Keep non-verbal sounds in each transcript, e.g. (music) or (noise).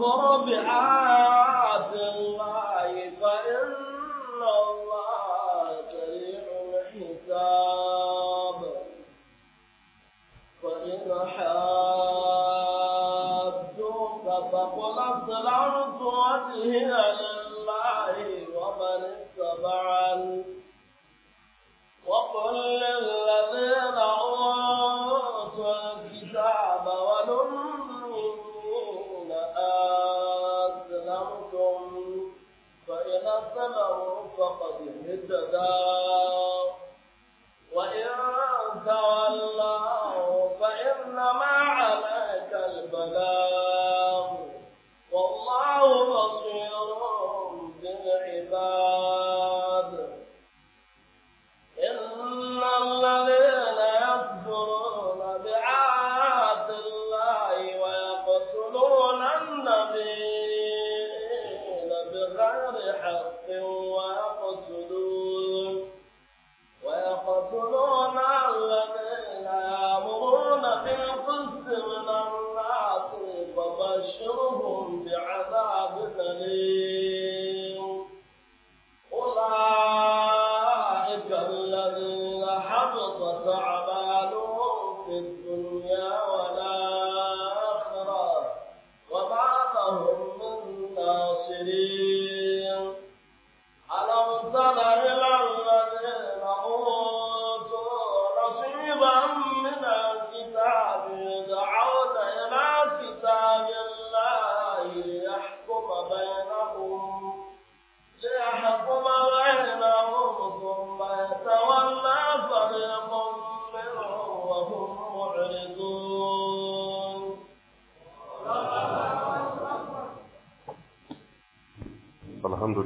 واضرب عاد الله 等等。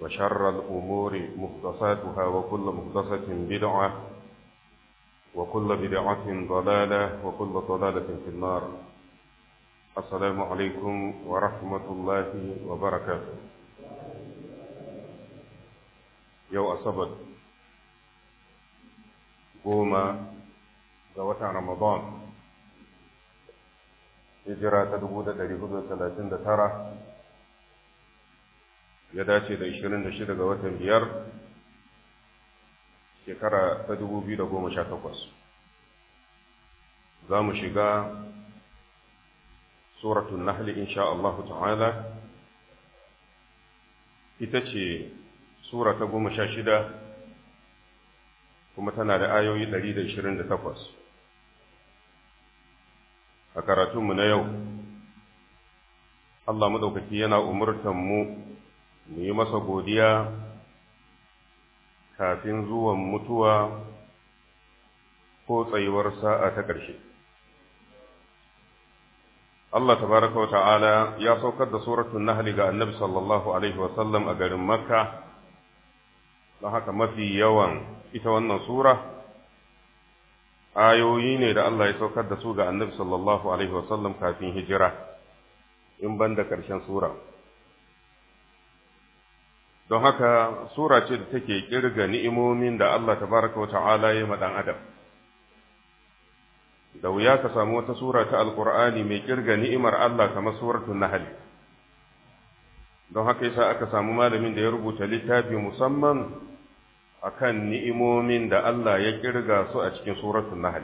وشر الأمور مختصاتها وكل مختصة بدعة وكل بدعة ضلالة وكل ضلالة في النار السلام عليكم ورحمة الله وبركاته يو أصبت قوما دوات رمضان هجرة تدبودة تريهود ثلاثين ترى ya dace da 26 ga watan biyar shekara ta 2018 za mu shiga suratun nahli insha Allah ta'ala ita ce sura ta 16 kuma tana da ayoyi 128 a karatunmu na yau Allah madaukaki yana umurtan mu mu yi masa godiya kafin zuwan mutuwa ko tsayuwar sa'a ta ƙarshe. Allah tabaraka wa ta'ala ya saukar da suratun Nahali ga Annabi sallallahu alaihi Wasallam a garin Makka don haka mafi yawan ita wannan sura ayoyi ne da Allah ya saukar da su ga Annabi sallallahu alaihi Wasallam kafin hijira in banda ƙarshen sura. don haka sura ce da take kirga ni'imomin da Allah tabaraka wa ta'ala ya madan adam da wuya ka samu wata sura ta alqur'ani mai kirga ni'imar Allah kamar suratul nahl don haka yasa aka samu malamin da ya rubuta littafi musamman akan ni'imomin da Allah ya kirga su a cikin suratul nahl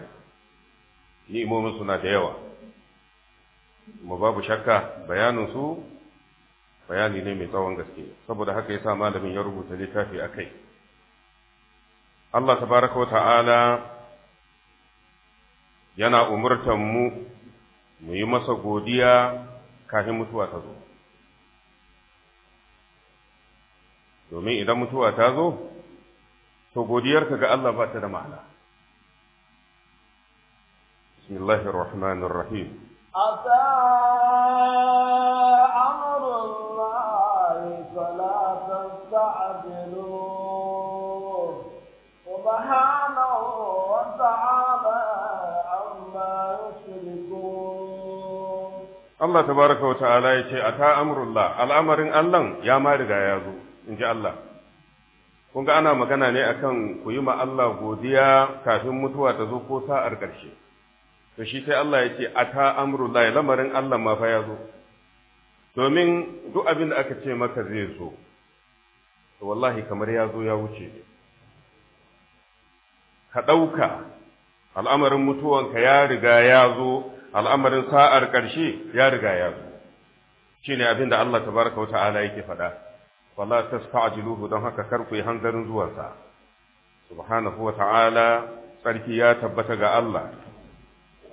ni'imomin suna da yawa kuma babu shakka bayanin su bayani ne mai tsawon gaske saboda haka yasa malamin ya rubuta littafi a kai Allah tabaraka wa ta'ala yana umurtan mu mu yi masa godiya kafin mutuwa ta zo domin idan mutuwa ta zo to godiyarka ga Allah ba ta da ma'ana bismillahir rahmanir rahim Allah Ta Baraka wa ta'ala ya ce ata amrullah al'amarin Allah ya ma riga ya zo in ji Allah kun ga ana magana ne akan ku yi ma Allah godiya kafin mutuwa ta zo ko sa'ar ƙarshe to shi sai Allah ya ce ata ya lamarin Allah ma fa ya zo domin duk abin da aka ce maka zai zo to wallahi kamar ya zo ya wuce ka ɗauka al'amarin mutuwanka ya riga ya zo al'amarin sa'ar ƙarshe ya riga ya zo shi ne abin da Allah ta baraka wa ta'ala yake faɗa wala ta sta'ajiluhu don haka kar ku yi hanzarin zuwansa subhanahu wa ta'ala tsarki ya tabbata ga Allah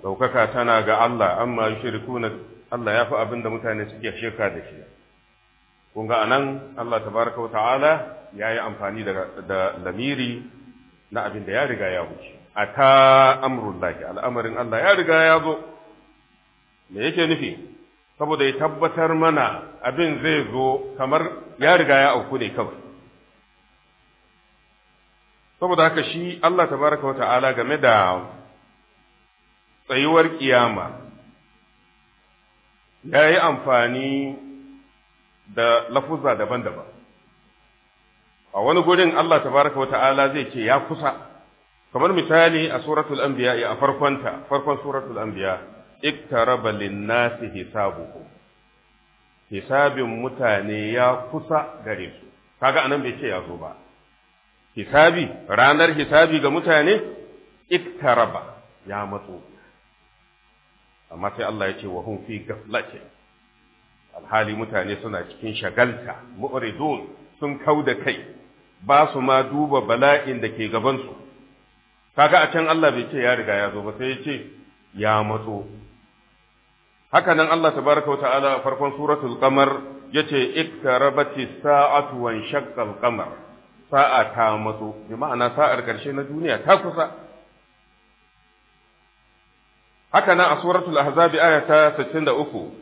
ɗaukaka tana ga Allah amma yushrikuna Allah ya fi abin da mutane suke shirka da shi kun ga anan Allah tabaraka wa ta'ala ya yi amfani da lamiri na abin da ya riga ya wuce ata amrullahi al'amarin Allah ya riga ya zo me yake nufi saboda ya tabbatar mana abin zai zo kamar ya riga ya auku ne kawai saboda haka shi Allah tabaraka wa ta'ala game da tsayuwar kiyama ya yi amfani da lafuza daban-daban a wani gurin Allah tabaraka wa ta'ala zai ce ya kusa kamar misali a suratul anbiya a farkonta farkon suratul anbiya iktaraba linnasi hisabuhum hisabin mutane ya kusa gare su kaga anan bai ce ya zo ba hisabi ranar hisabi ga mutane iktaraba ya matso amma sai Allah ya ce wa hum fi gaflatin alhali mutane suna cikin shagalta mu'ridun sun kau da kai ba su ma duba bala'in da ke gabansu. su kaga a can Allah bai ce ya riga ya zo ba sai ya ce ya matso haka nan Allah tabaraka a farkon suratul kamar ya ce yace iktarabati sa'atu wan shaqqal kamar sa'a ta matso bi ma'ana sa'ar karshe na duniya ta kusa haka nan a suratul ahzab aya ta 63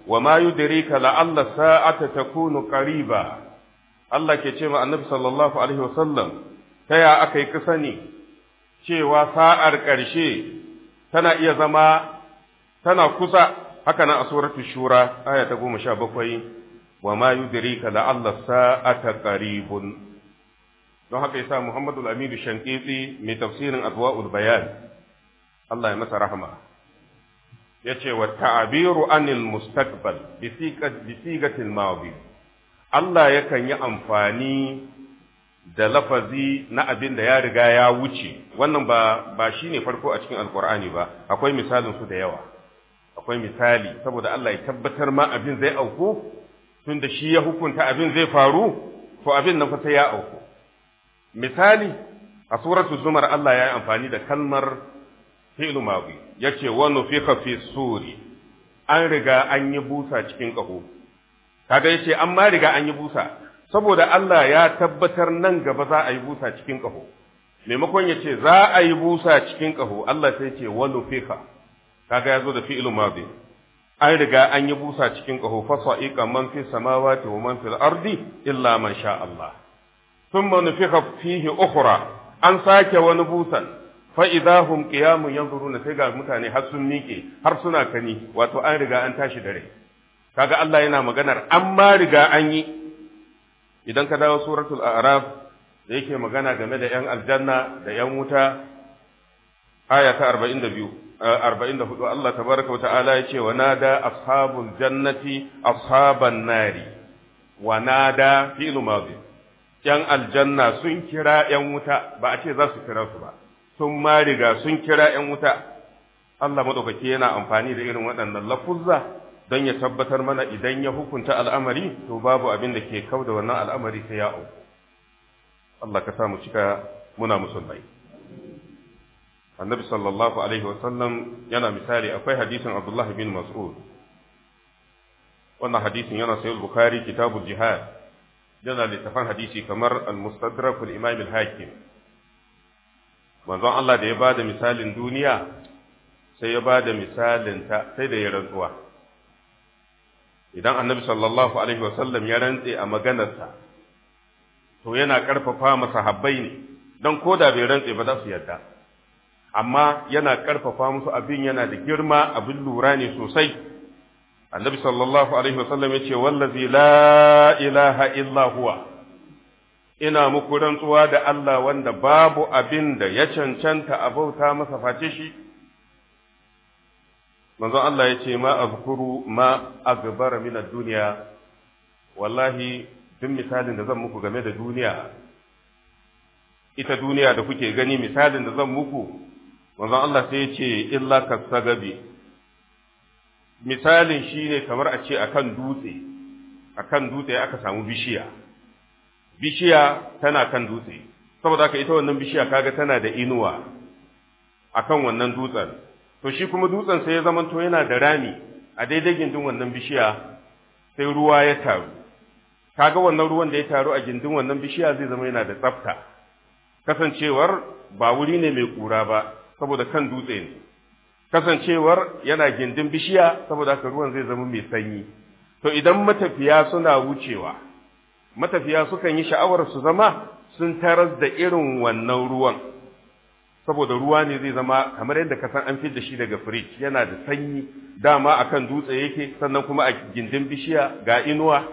wa ma yudrika la'alla sa'ata takunu qariba Allah ke ce ma annabi sallallahu alaihi wa sallam ta ya aka yi ne cewa sa'ar ƙarshe tana iya zama tana kusa haka nan a suratul shura aya ta goma sha bakwai wa ma yudrika Allah sa'ata qaribun don haka yasa Muhammadu al-Amin mai tafsirin Adwa'ul Bayan Allah ya masa rahama yace wa ta'abiru anil mustaqbal bi sigatil madi Allah yakan yi amfani da lafazi na abin da ya riga ya wuce wannan ba ba shine farko a cikin alqur'ani ba akwai misalin su da yawa akwai misali saboda Allah ya tabbatar ma abin zai auku tunda shi ya hukunta abin zai faru to abin na fa sai ya auku misali a suratu zumar Allah ya yi amfani da kalmar fi'lu mabi yace wa nufiha fi suri an riga an yi busa cikin ƙaho kaga yace an ma riga an yi busa saboda Allah ya tabbatar nan gaba za a yi busa cikin ƙaho maimakon yace za a yi busa cikin kaho, Allah sai ce wa nufiha kaga yazo da fi'ilun madi an riga an yi busa cikin kaho fa sa'iqa man fi samawati wa man fil ardi illa man sha Allah thumma nufikha fihi ukhra an sake wani busan fa idahum qiyamun yanzuruna sai ga mutane har sun miƙe har suna kani wato an riga an tashi dare kaga Allah yana maganar amma riga an yi idan ka dawo suratul a'raf da yake magana game da yan aljanna da yan wuta aya ta 42 44 Allah tabaraka wa ta'ala ya ce wa nada ashabul jannati ashaban nari wa nada fi'lu yan aljanna sun kira yan wuta ba a ce za su kira su ba sun ma riga sun kira yan wuta Allah madaukake yana amfani da irin waɗannan lafuzza don ya tabbatar mana idan ya hukunta al'amari to babu abin da ke kauda wannan al'amari sai ya auku Allah ka sa mu cika muna musulmai annabi sallallahu alaihi wasallam yana misali akwai hadisin abdullahi bin mas'ud wannan hadisin yana sayar bukari kitabul jihad yana littafan hadisi kamar al-mustadrak al-imam al-hakim manzon Allah da ya bada misalin duniya sai ya bada misalin ta sai da ya rantsuwa idan annabi sallallahu alaihi wasallam ya rantse a maganarsa to yana ƙarfafa karfafa masahabbai ne don ko koda bai rantse ba za su yarda amma yana karfafa musu abin yana da girma abin lura ne sosai annabi sallallahu alaihi wasallam ya ce wallazi la ilaha illa huwa ina muku rantsuwa da Allah wanda babu abin da ya cancanta a bauta masa face shi manzon Allah ya ce ma azkuru ma agbara min ad-dunya wallahi duk misalin da zan muku game da duniya ita duniya da kuke gani misalin da zan muku manzon Allah sai ya ce illa kasagabi misalin shi ne kamar a ce akan dutse akan dutse aka samu bishiya bishiya tana kan dutse saboda haka ita wannan bishiya kaga tana da inuwa akan wannan dutsen to shi kuma dutsen sai ya zamanto yana da rami a daidai gindin wannan bishiya sai ruwa ya taru kaga wannan ruwan da ya taru a gindin wannan bishiya zai zama yana da tsafta kasancewar ba wuri ne mai kura ba saboda kan dutse ne kasancewar yana gindin bishiya saboda haka ruwan zai zama mai sanyi to idan matafiya suna wucewa matafiya sukan yi sha'awar su zama sun taras da irin wannan ruwan saboda ruwa ne zai zama kamar yadda kasan an fi da shi daga firij yana da sanyi dama akan dutse yake sannan kuma a gindin bishiya ga inuwa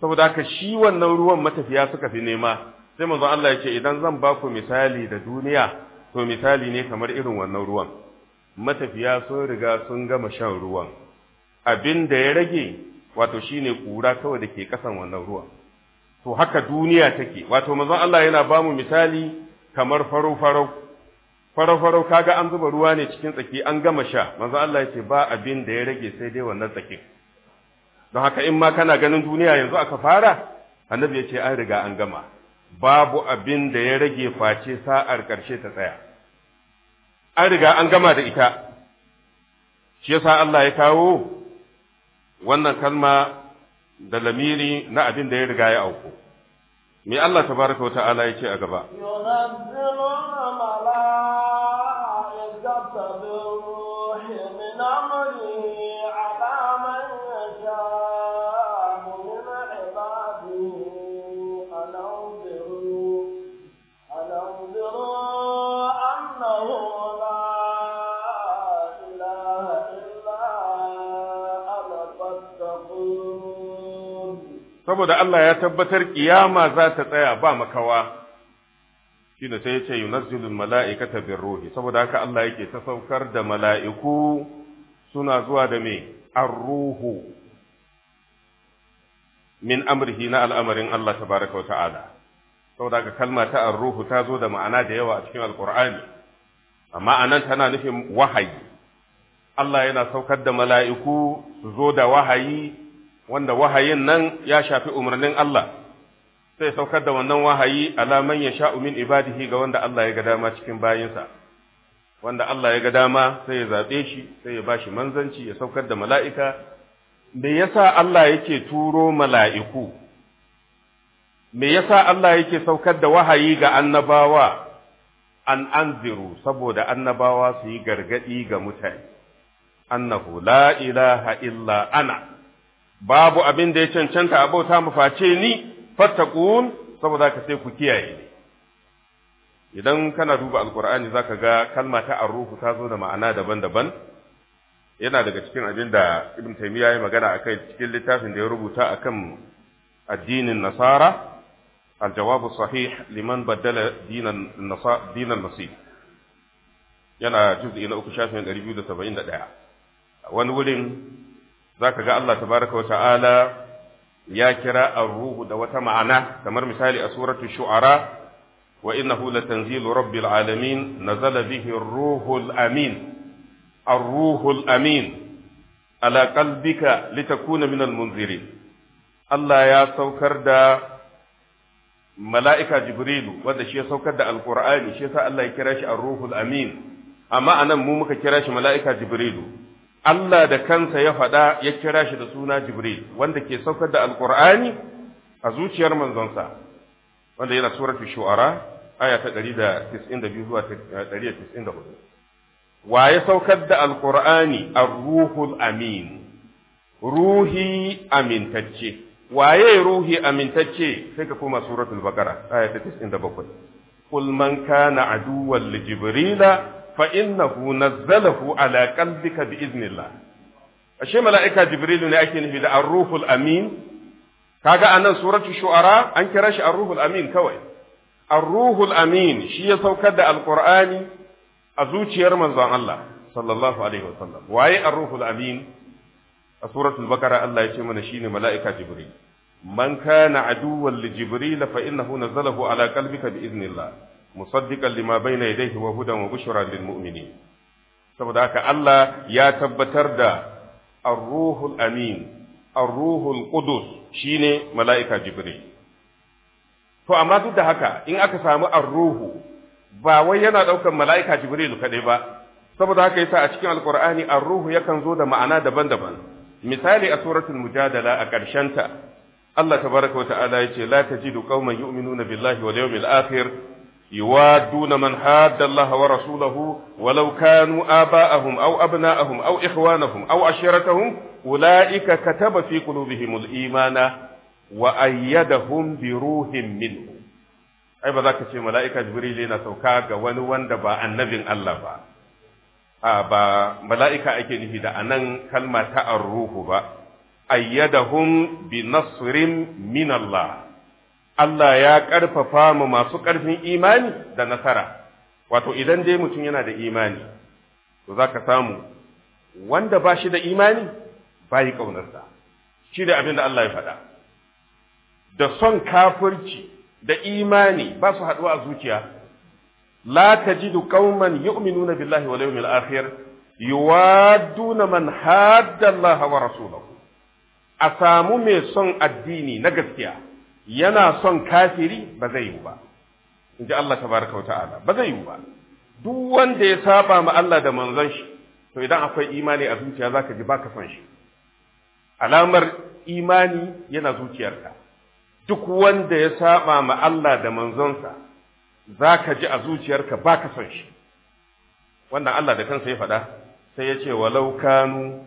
saboda haka shi wannan ruwan matafiya suka fi nema sai manzon Allah ya ce idan zan ba ku misali da duniya to misali ne kamar irin wannan ruwan matafiya sun riga sun gama shan ruwan abin da ya rage wato shine kura kawai da ke kasan wannan ruwan to haka duniya take wato manzon Allah yana ba mu misali kamar faro faro faro faro kaga an zuba ruwa ne cikin tsaki an gama sha manzon Allah ce ba abin da ya rage sai dai wannan tsakin don haka in ma kana ganin duniya yanzu aka fara annabi ya ce an riga an gama babu abin da ya rage face sa'ar ƙarshe ta tsaya an riga an gama da ita shi yasa Allah ya kawo wannan kalma da lamiri na abin da ya riga ya auku me Allah tabaraka wa ta'ala ya ce a gaba saboda Allah ya tabbatar kiyama za ta tsaya ba makawa shi da sai ya ce yunazzilul mala'ikata bir ruhi saboda haka Allah yake ta saukar da mala'iku suna zuwa da me ar-ruhu min amrihi na al'amarin Allah Ta wa ta'ala saboda haka kalma ta ar-ruhu ta zo da ma'ana da yawa a cikin alqur'ani amma anan tana nufin wahayi Allah yana saukar da mala'iku su zo da wahayi wanda wahayin nan ya shafi umarnin Allah sai saukar da wannan wahayi alaman ya sha min ibadihi ga wanda Allah ya ga dama cikin bayinsa wanda Allah ya ga dama sai ya zaɓe shi sai ya shi manzanci ya saukar da mala'ika me yasa Allah yake turo mala'iku me yasa Allah yake saukar da wahayi ga annabawa an anziru saboda annabawa su yi gargaɗi ga mutane annahu la ilaha illa ana babu abin da ya cancanta a bauta mu face ni fattaqun saboda ka sai ku kiyaye ni idan kana duba alqur'ani zaka ga kalma ta arruhu ta zo da ma'ana daban-daban yana daga cikin abin da ibn taymiya ya magana akai cikin littafin da ya rubuta akan addinin nasara الجواب الصحيح liman بدل دين النصا دين المسيح yana juz'i na uku shafin 271 biyu da wani wurin zaka ga Allah tabaraka wata'ala ya kira ar-ruhu da wata ma'ana kamar misali a suratu shu'ara wa innahu latanzilu rabbil alamin nazala bihi ar-ruhul amin ar-ruhul amin ala qalbika litakuna minal munziri. Allah ya saukar da mala'ika Jibrilu wanda shi ya saukar da Alƙur'ani shi sa Allah ya kira shi ar-ruhul amin amma anan mu muka kira shi mala'ika Jibrilu Allah da kansa ya faɗa ya kira shi da suna Jibril wanda ke saukar da Alƙur'ani a zuciyar manzonsa wanda yana suratu shu'ara aya ta biyu zuwa eh, ɗari da da 194 wa ya saukar da Alƙur'ani a ruhul amin ruhi amintacce waye ruhi amintacce sai ka koma suratul baqara aya ta 97 qul man kana aduwwan jibrila fa innahu nazzalahu ala qalbika bi iznillah ashe mala'ika Jibril ne ake nufi da ar-ruhul amin kaga anan suratul shu'ara an kira shi ar-ruhul amin kawai ar-ruhul amin shi ya saukar da alqur'ani a zuciyar manzon Allah sallallahu alaihi wasallam waye ar-ruhul amin a suratul bakara Allah ya ce mana shine mala'ika jibril man kana aduwwan li jibril fa innahu nazzalahu ala qalbika bi iznillah musaddiqan lima bayna yadayhi wa hudan wa bushra lil mu'minin saboda haka Allah ya tabbatar da ar-ruhul amin ar-ruhul qudus shine mala'ika jibril to amma duk da haka in aka samu ar-ruhu ba wai yana ɗaukar mala'ika jibril kadai ba saboda haka yasa a cikin alqur'ani ar-ruhu yakan zo da ma'ana daban-daban misali a suratul mujadala a karshenta Allah tabaraka wa ta'ala yace la tajidu qauman yu'minuna billahi wal yawmil akhir يوادون من حاد الله ورسوله ولو كانوا آباءهم أو أبناءهم أو إخوانهم أو عشيرتهم أولئك كتب في قلوبهم الإيمان وأيدهم بروح منه ai ba za ka ce mala'ika jibril na sauka ga wani wanda ba annabin Allah ba, a ba mala'ika ake nufi da nan kalma ta arruhu ba, ayyadahum bi nasrin min Allah, Allah ya ƙarfafa mu masu ƙarfin imani da nasara wato idan dai mutum yana da imani to za ka samu wanda ba shi da imani ba yi ƙaunarsa shi da abin da Allah ya faɗa da son kafirci da imani ba su haɗuwa a zuciya la tajidu qauman yu'minuna billahi wal yawmil akhir yuwadduna man hadda Allah wa rasulahu a samu mai son addini na gaskiya yana son kafiri ba zai yi ba in ji Allah tabaraka ta'ala ba zai yi ba duk wanda ya saba ma Allah da manzon shi to idan akwai imani a zuciya zaka ji baka son shi alamar imani yana zuciyarka duk wanda ya saba ma Allah da manzonsa zaka ji a zuciyarka baka son shi wannan Allah da kansa ya faɗa sai ya ce walau kanu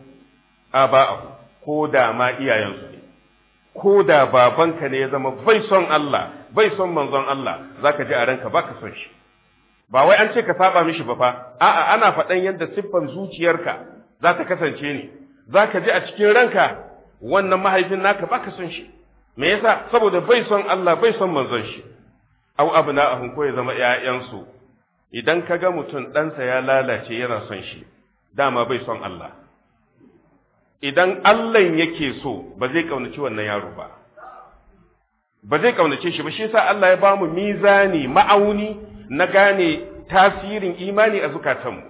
aba'ahu ko da ma iyayensu ne ko da babanka ne ya zama bai son Allah bai son manzon Allah zaka ji a ranka baka son shi ba wai an ce ka saba mishi ba fa a'a ana faɗan yadda siffan zuciyarka za ta kasance ne zaka ji a cikin ranka wannan mahaifin naka baka son shi me yasa saboda bai son Allah bai son manzon shi au abna'ahum ko ya zama ƴaƴansu idan ka ga mutum ɗansa ya lalace yana son shi dama bai son Allah idan Allah yake so ba zai kaunaci wannan yaro ba ba zai kaunace shi ba shi yasa Allah ya ba mu mizani ma'auni na gane tasirin imani a zukatanmu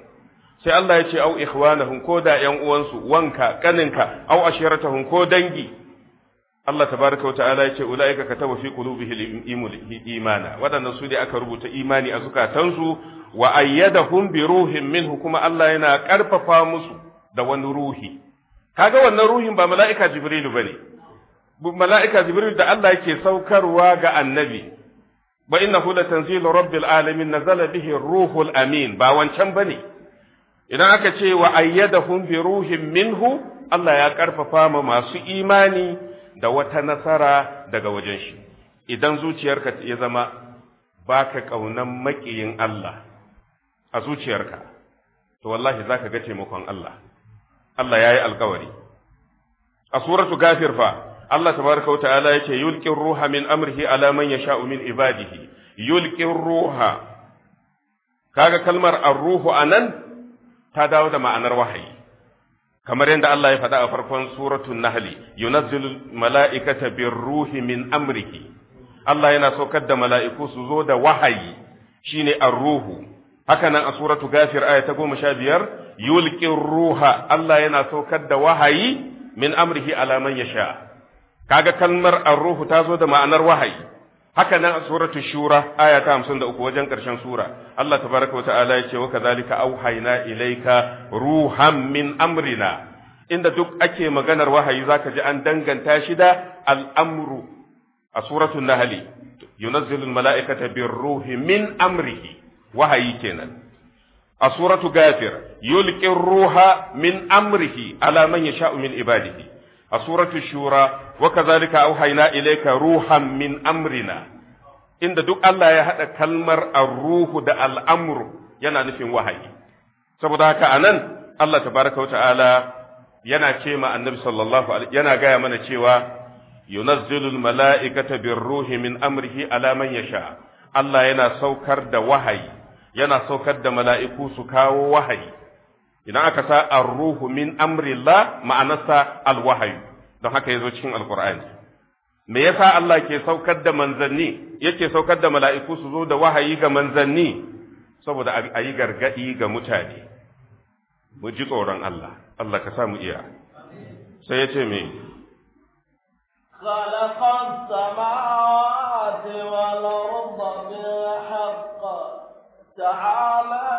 sai Allah ya ce au ikhwanahum ko da ƴan uwansu wanka kaninka au ashiratahum ko dangi Allah tabaraka wa ta'ala ya ce ulaika kataba fi al imana wadannan su ne aka rubuta imani a zukatansu wa ayyadahum bi ruhin minhu kuma Allah yana karfafa musu da wani ruhi kaga wannan ruhin ba mala'ika jibrilu bane mala'ika jibrilu da Allah yake saukarwa ga annabi ba innahu la tanzilu rabbil alamin nazala bihi ruhul amin ba wancan bane idan aka ce wa ayyadahum bi ruhin minhu Allah ya karfafa ma masu imani da wata nasara daga wajen shi idan zuciyarka ya zama baka kaunan makiyin Allah a zuciyarka to wallahi zaka ga taimakon Allah Allah ya yi alkawari a suratu gafir fa Allah tabaraka Ya ce yulqir ruha min amrihi ala ya sha umin ibadihi yulqir ruha kaga kalmar aruhu ruhu anan ta dawo da ma'anar wahayi kamar yadda Allah ya faɗa a farkon suratul nahli yunazzilul mala'ikata ruhi min amrihi Allah yana saukar da mala'iku su zo da wahayi shine aruhu. ruhu haka nan a suratu gafir aya ta goma sha biyar yulqin ruha Allah yana saukar da wahayi min amrihi ala man yasha kaga kalmar ar-ruhu ta zo da ma'anar wahayi haka nan a suratu shura aya ta 53 wajen karshen sura Allah tabaraka wa ta'ala ya ce wa kadhalika auhayna ilayka ruhan min amrina inda duk ake maganar wahayi zaka ji an danganta shi da al-amru a suratul nahl yunazzilu al-mala'ikata bir-ruhi min amrihi wahayi kenan a suratu gafir yulqir ruha min amrihi ala man yasha'u min ibadihi a suratu shura wa kadhalika auhayna ilayka ruhan min amrina inda duk Allah ya hada kalmar ar-ruhu da al-amru yana nufin wahayi saboda haka anan Allah tabaraka ta'ala yana ce ma annabi sallallahu alaihi yana gaya mana cewa yunazzilul mala'ikata ruhi min amrihi ala man yasha Allah yana saukar da wahayi yana saukar da mala'iku su kawo wahayi idan aka sa ar-ruhu min amrillah ma'anarsa alwahayu don haka ya zo cikin alkur'ani me yasa Allah ke saukar da manzanni yake saukar da mala'iku su zo da wahayi ga manzanni saboda a yi gargadi ga mutane mu ji tsoron Allah Allah ka sa iya sai ya ce me خلق السماوات والأرض بالحق تعالى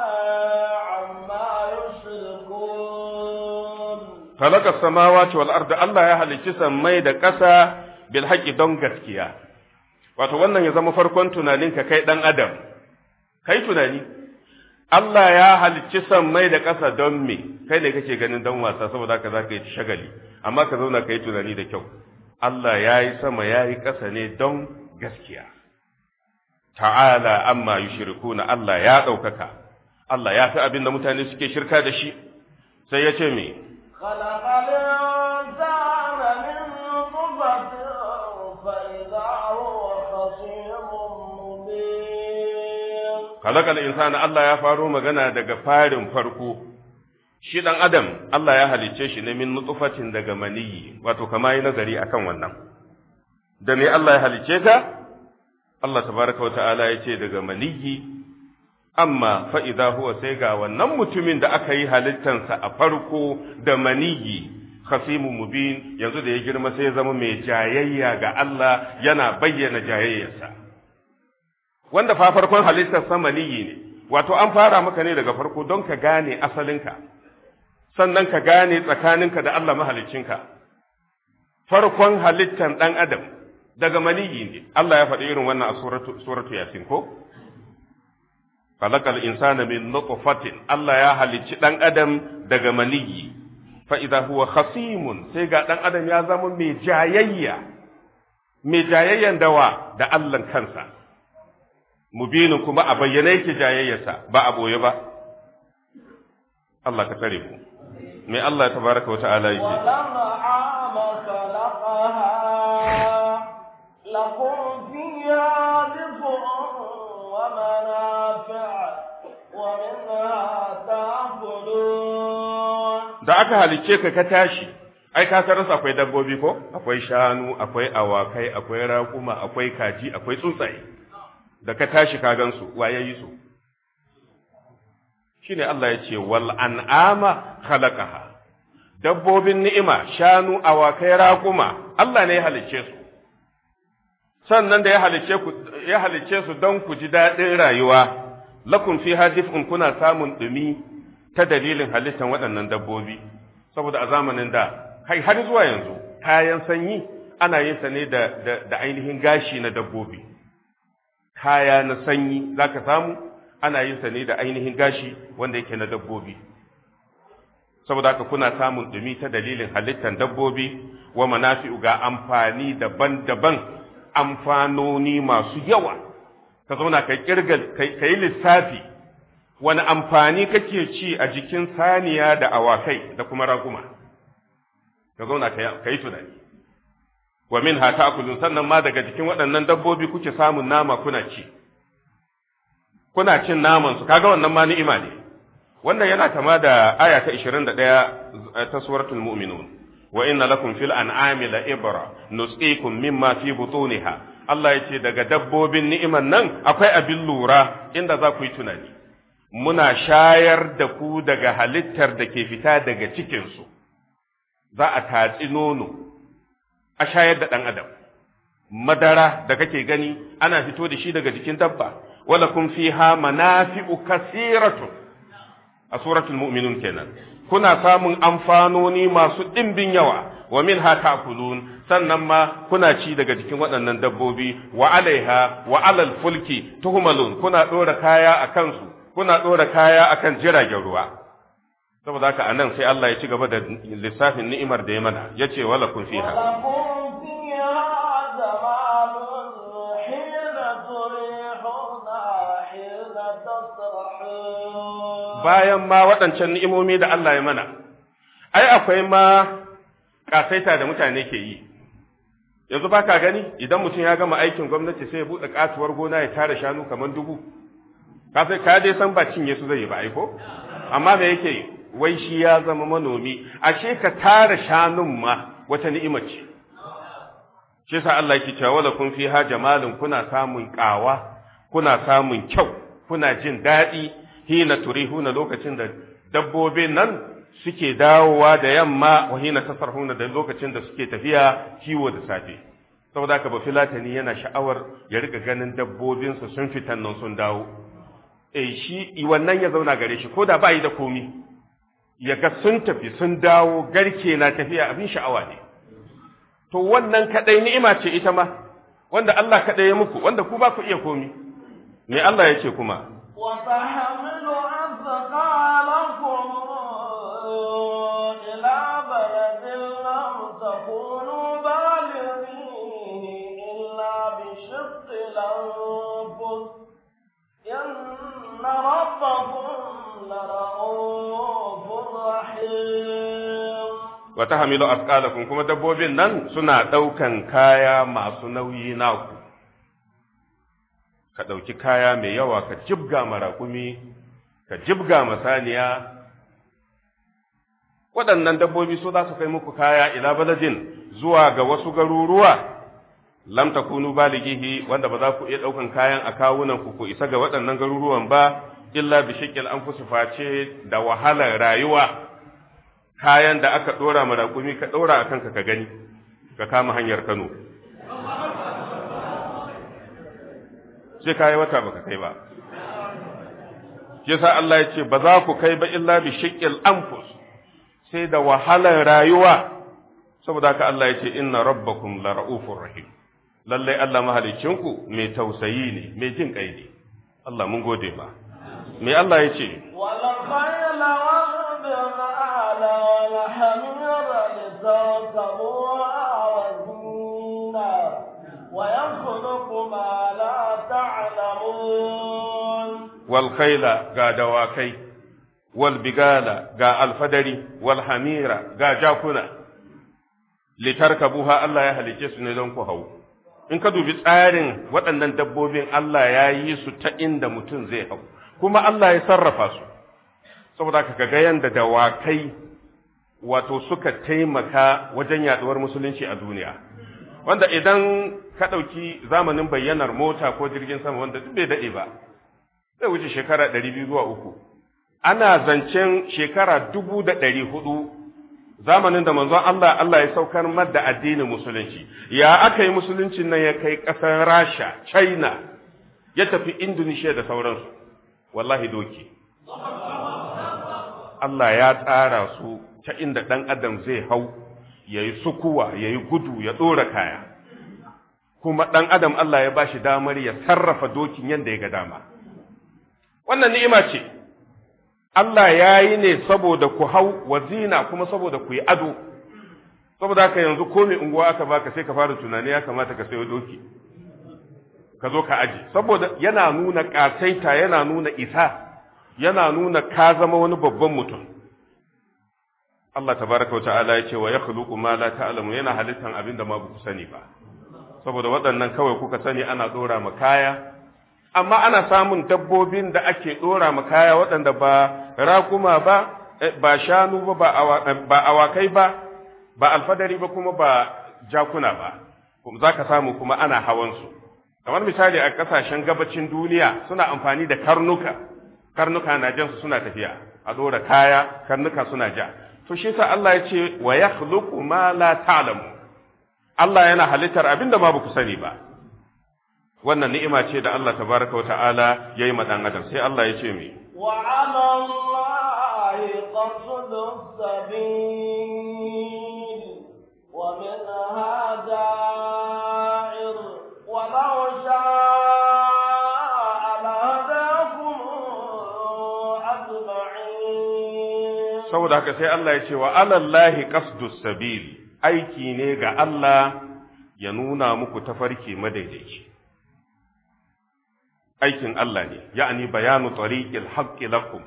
عما يشركون خلق السماوات والأرض الله يا هل جسمي دا قسا بالحق دون gaskiya wato wannan ya zama farkon tunaninka kai ɗan adam kai tunani Allah ya halicci sammai da ƙasa don me kai ne kake ganin don wasa saboda ka za ka yi shagali amma ka zauna ka yi tunani da kyau Allah ya yi sama ya yi ƙasa ne don gaskiya ta'ala amma yushrikuna Allah ya ɗaukaka Allah ya fi abin mutane suke shirka da shi sai ya ce me Kalakal insana Allah ya faro magana daga farin farko, shi ɗan Adam Allah ya halicce shi ne min nutsufatin daga maniyi, wato kama yi nazari akan wannan. Da me Allah ya halicce ka? Allah tabaraka wa ta'ala ya ce daga maniyi amma fa'iza huwa sai ga wannan mutumin da aka yi halittansa a farko da maniyi khasimu mubin yanzu da ya girma sai ya zama mai jayayya ga Allah yana bayyana jayayyarsa wanda fa farkon halittarsa maniyi ne wato an fara maka ne daga farko don ka gane asalinka sannan ka gane tsakaninka da Allah mahaliccinka farkon halittan ɗan adam daga maniyi ne Allah ya faɗi irin wannan a suratu yasin ko falakal insana min nutfatin Allah ya halicci dan adam daga maniyi fa idza huwa khasimun sai ga dan adam ya zama mai jayayya mai jayayyan dawa da Allah kansa mubinin kuma a bayyana yake jayayyarsa ba a boye ba Allah ka tare mu me Allah tabaraka wa ta'ala yake لكم فيها دفء ومنافع ومنها تأكلون da aka halicce ka ka tashi ai ka san rasa akwai dabbobi ko akwai shanu akwai awakai akwai raƙuma akwai kaji akwai tsuntsaye da ka tashi ka gansu waye yi su shine Allah ya ce wal an'ama khalaqaha dabbobin ni'ima shanu awakai raƙuma Allah ne ya halicce su sannan da ya halice su don ku ji daɗin rayuwa lakun fi in kuna samun ɗumi ta dalilin halittar waɗannan dabbobi saboda a zamanin da har zuwa yanzu kayan sanyi ana yin sa da, ainihin gashi na dabbobi kaya na sanyi za ka samu ana yin sa da ainihin gashi wanda yake na dabbobi saboda ka kuna samun ɗumi ta dalilin halittar dabbobi wa manafi'u ga amfani daban-daban amfanoni masu yawa ka zauna ka kirgal, ka yi lissafi wani amfani kake ci a jikin saniya da awakai da kuma raguma ka zauna ka yi tunani wa min ha kullum sannan ma daga jikin waɗannan dabbobi kuke samun nama kuna ci kuna cin naman su kaga wannan ma ni'ima ne wannan yana tama da aya ta 21 eh, ta suratul mu'minun wa inna lakum fil an'ami la ibra nusqikum mimma fi butuniha Allah ya ce daga dabbobin ni'iman nan akwai abin lura inda za ku yi tunani muna shayar da ku daga halittar da ke fita daga cikinsu za a tatsi nono a shayar da ɗan adam madara da kake gani ana fito da shi daga jikin dabba wala kun fiha manafi'u kasiratun a suratul mu'minun kenan kuna samun amfanoni masu ɗimbin yawa wa min ha ta'kulun sannan ma kuna ci daga jikin waɗannan dabbobi wa alaiha wa alal fulki tuhmalun kuna ɗora kaya a kansu kuna ɗora kaya akan jiragen ruwa saboda haka nan, sai Allah ya ci gaba da lissafin ni'imar da ya mana yace wala kun fiha bayan ma waɗancan ni'imomi da Allah ya mana ai akwai ma ƙasaita da mutane ke yi yanzu ba ka gani idan mutum ya gama aikin gwamnati sai ya buɗe katuwar gona ya tara shanu kamar dubu ka sai ka dai san ba cinye su zai yi ba aiko? amma me yake wai shi ya zama manomi ashe ka tara shanun ma wata ni'imar ce shi yasa Allah yake cewa wala kun fiha jamalun kuna samun ƙawa? kuna samun kyau kuna jin daɗi hina turihuna lokacin da dabbobin nan suke dawowa da yamma wa hina tasarhuna da lokacin da suke tafiya kiwo da safe saboda haka bafilatani yana sha'awar ya riga ganin dabbobinsa sun fitan nan sun dawo e shi wannan ya zauna gare shi ko da ba yi da komi ya ga sun tafi sun dawo garke na tafiya abin sha'awa ne to wannan kaɗai ni'ima ce ita ma wanda Allah kadai ya muku wanda ku ba ku iya komi me Allah yake kuma wa tahmilu azqalakum kuma dabbobin nan suna daukan kaya masu nauyi naku ka ɗauki kaya mai yawa ka jibga maraƙumi ka jibga ma saniya waɗannan dabbobi su za su kai muku kaya ila balajin zuwa ga wasu garuruwa lamta kunu baligihi wanda ba za ku iya ɗaukan kayan a kawunan ku ku isa ga waɗannan garuruwan ba illa bi shikil an face da wahalar rayuwa kayan da aka ɗora ma ka ɗora a kanka ka gani ka kama hanyar Kano sai kayi wata baka kai ba yasa Allah ya ce ba za ku kai ba illa bi shiqqil anfus sai da wahalar rayuwa saboda haka Allah ya ce inna rabbakum la ra'ufur rahim lallai Allah mahalicinku mai tausayi ne mai jin kai ne Allah mun gode ba me Allah ya ce wa ويخلق ما لا تعلمون والخيل غا دواكي والبغال غا الفدري buha غا جاكنا لتركبوها الله يهلكي سنة ku hau. in ka dubi tsarin waɗannan dabbobin Allah ya yi su ta inda mutum zai hau kuma Allah ya sarrafa su saboda ka ga yanda dawakai wato suka taimaka wajen yaɗuwar musulunci a duniya wanda idan ka ɗauki zamanin bayyanar mota ko jirgin sama wanda duk bai daɗe ba zai wuce shekara ɗari biyu zuwa uku ana zancen shekara dubu da ɗari hudu zamanin da manzon Allah Allah ya saukar madda addinin musulunci ya aka yi musuluncin nan ya kai ƙasar Rasha China ya tafi Indonesia da sauransu wallahi doki Allah ya tsara su ta inda ɗan adam zai hau ya yi sukuwa ya yi gudu ya ɗora kaya kuma ɗan adam Allah ya ba shi damar ya sarrafa dokin yadda ya ga dama wannan ni'ima ce Allah ya yi ne saboda ku hau wazina kuma saboda ku yi ado saboda haka yanzu ko unguwa aka baka sai ka fara tunani ya kamata ka sayo doki ka zo ka aji saboda yana nuna ƙasaita yana nuna isa yana nuna ka zama wani babban mutum Allah tabaraka wa ta'ala ya ce wa yakhluqu ma la ta'lamu yana halittan abinda da ma ku sani ba saboda waɗannan kawai kuka sani ana dora ma kaya amma ana samun dabbobin da ake dora ma kaya waɗanda ba raƙuma ba eh, ba shanu ba eh, ba awakai ba ba alfadari ba kuma ba jakuna ba za ka samu kuma ana hawan su kamar misali a ƙasashen gabacin duniya suna amfani da karnuka karnuka na jansu suna tafiya a ɗora kaya karnuka suna ja to shi sa Allah ya ce wa yakhluqu ma la ta'lamu Allah yana halittar da ma baku sani ba wannan ni'ima ce da Allah ta wa ta'ala yayi ma dan adam sai Allah ya ce mai wa 'ala Allah qasdu sabil wa min hada saboda haka sai Allah ya ce wa alallahi qasdus sabil aiki ne ga Allah ya nuna muku tafarki madaidaici aikin Allah ne ya'ani bayanu tariqil haqqi lakum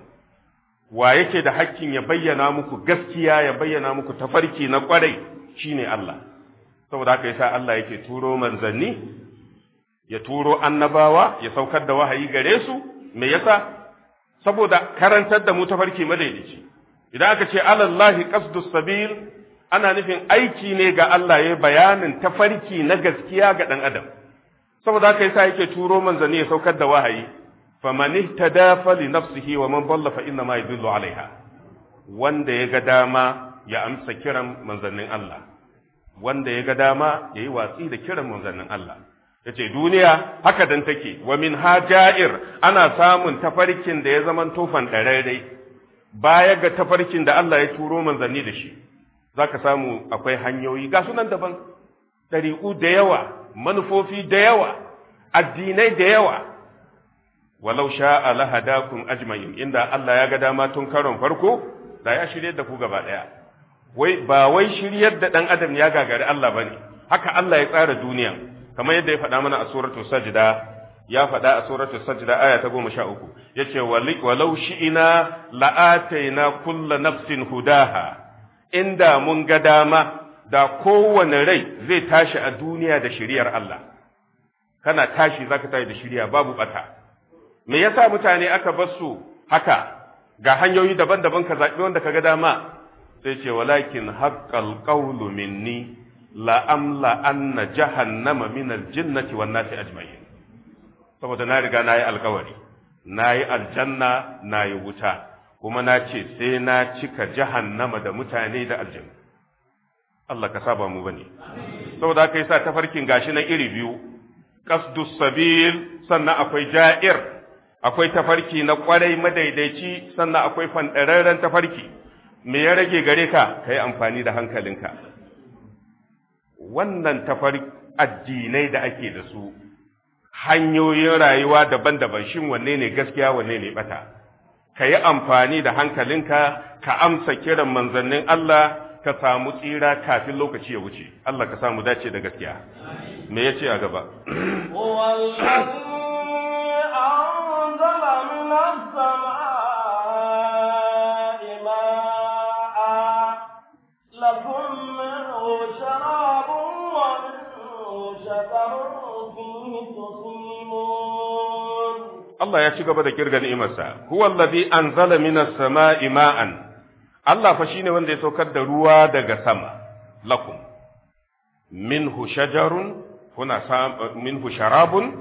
wa yake da hakkin ya bayyana muku gaskiya ya bayyana muku tafarki na kwarai shine Allah saboda haka yasa Allah yake turo manzanni ya turo annabawa ya saukar da wahayi gare su me yasa saboda karantar da mu tafarki madaidaici idan aka ce alallahi qasdus sabil ana nufin aiki ne ga Allah ya bayanin tafarki na gaskiya ga ɗan adam saboda sa yasa yake turo manzanni ya saukar da wahayi faman ihtada fali nafsihi wa man dalla fa inna ma alaiha wanda ya ga dama ya amsa kiran manzannin Allah wanda ya ga dama yayi watsi da kiran manzannin Allah ce duniya haka dan take wa min haja'ir ana samun tafarkin da ya zaman tofan ɗararai baya ga tafarkin da Allah ya turo manzanni da shi zaka samu akwai hanyoyi ga sunan daban Ɗari'u da yawa manufofi da yawa addinai da yawa walau sha'a lahadakum ajma'in inda Allah ya ga dama tun karon farko da ya shirye da ku gaba ɗaya wai ba wai shiryar da ɗan adam ya gagari Allah ba ne. haka Allah ya tsara duniya kamar yadda ya faɗa mana a suratul sajda ya faɗa a suratul sajda aya ta goma sha uku Ya wa walau shi'ina la'ataina kulla nafsin hudaha inda mun ga dama da kowane rai zai tashi a duniya da shiriyar Allah kana tashi zaka tashi da shiriya babu bata me yasa mutane aka bar su haka ga hanyoyi daban-daban ka zaɓi wanda ka ga dama sai ce walakin haqqal qawlu minni la amla anna jahannama min al-jinnati wan nasi ajma'in saboda na riga na yi alkawari na yi aljanna na yi wuta kuma na ce sai na cika jahannama da mutane da aljanna Allah ka saba mu bane saboda yi sa tafarkin gashi na iri biyu qasdus sabil sannan akwai ja'ir akwai tafarki na kwarai madaidaici sannan akwai fandararren tafarki me ya rage gare ka kai amfani da hankalinka wannan tafarki addinai da ake da su hanyoyin rayuwa daban-daban shin wanne ne gaskiya wanne ne bata ka yi amfani da hankalinka ka amsa kiran manzannin Allah ka samu tsira kafin lokaci ya wuce Allah ka samu dace da gaskiya me yace a gaba wallahi شكر ya ci gaba da kirga بدك يرجع نعمة هو الذي أنزل من Allah fa shine wanda ya saukar da ruwa daga sama lakum minhu shajarun kuna sharabun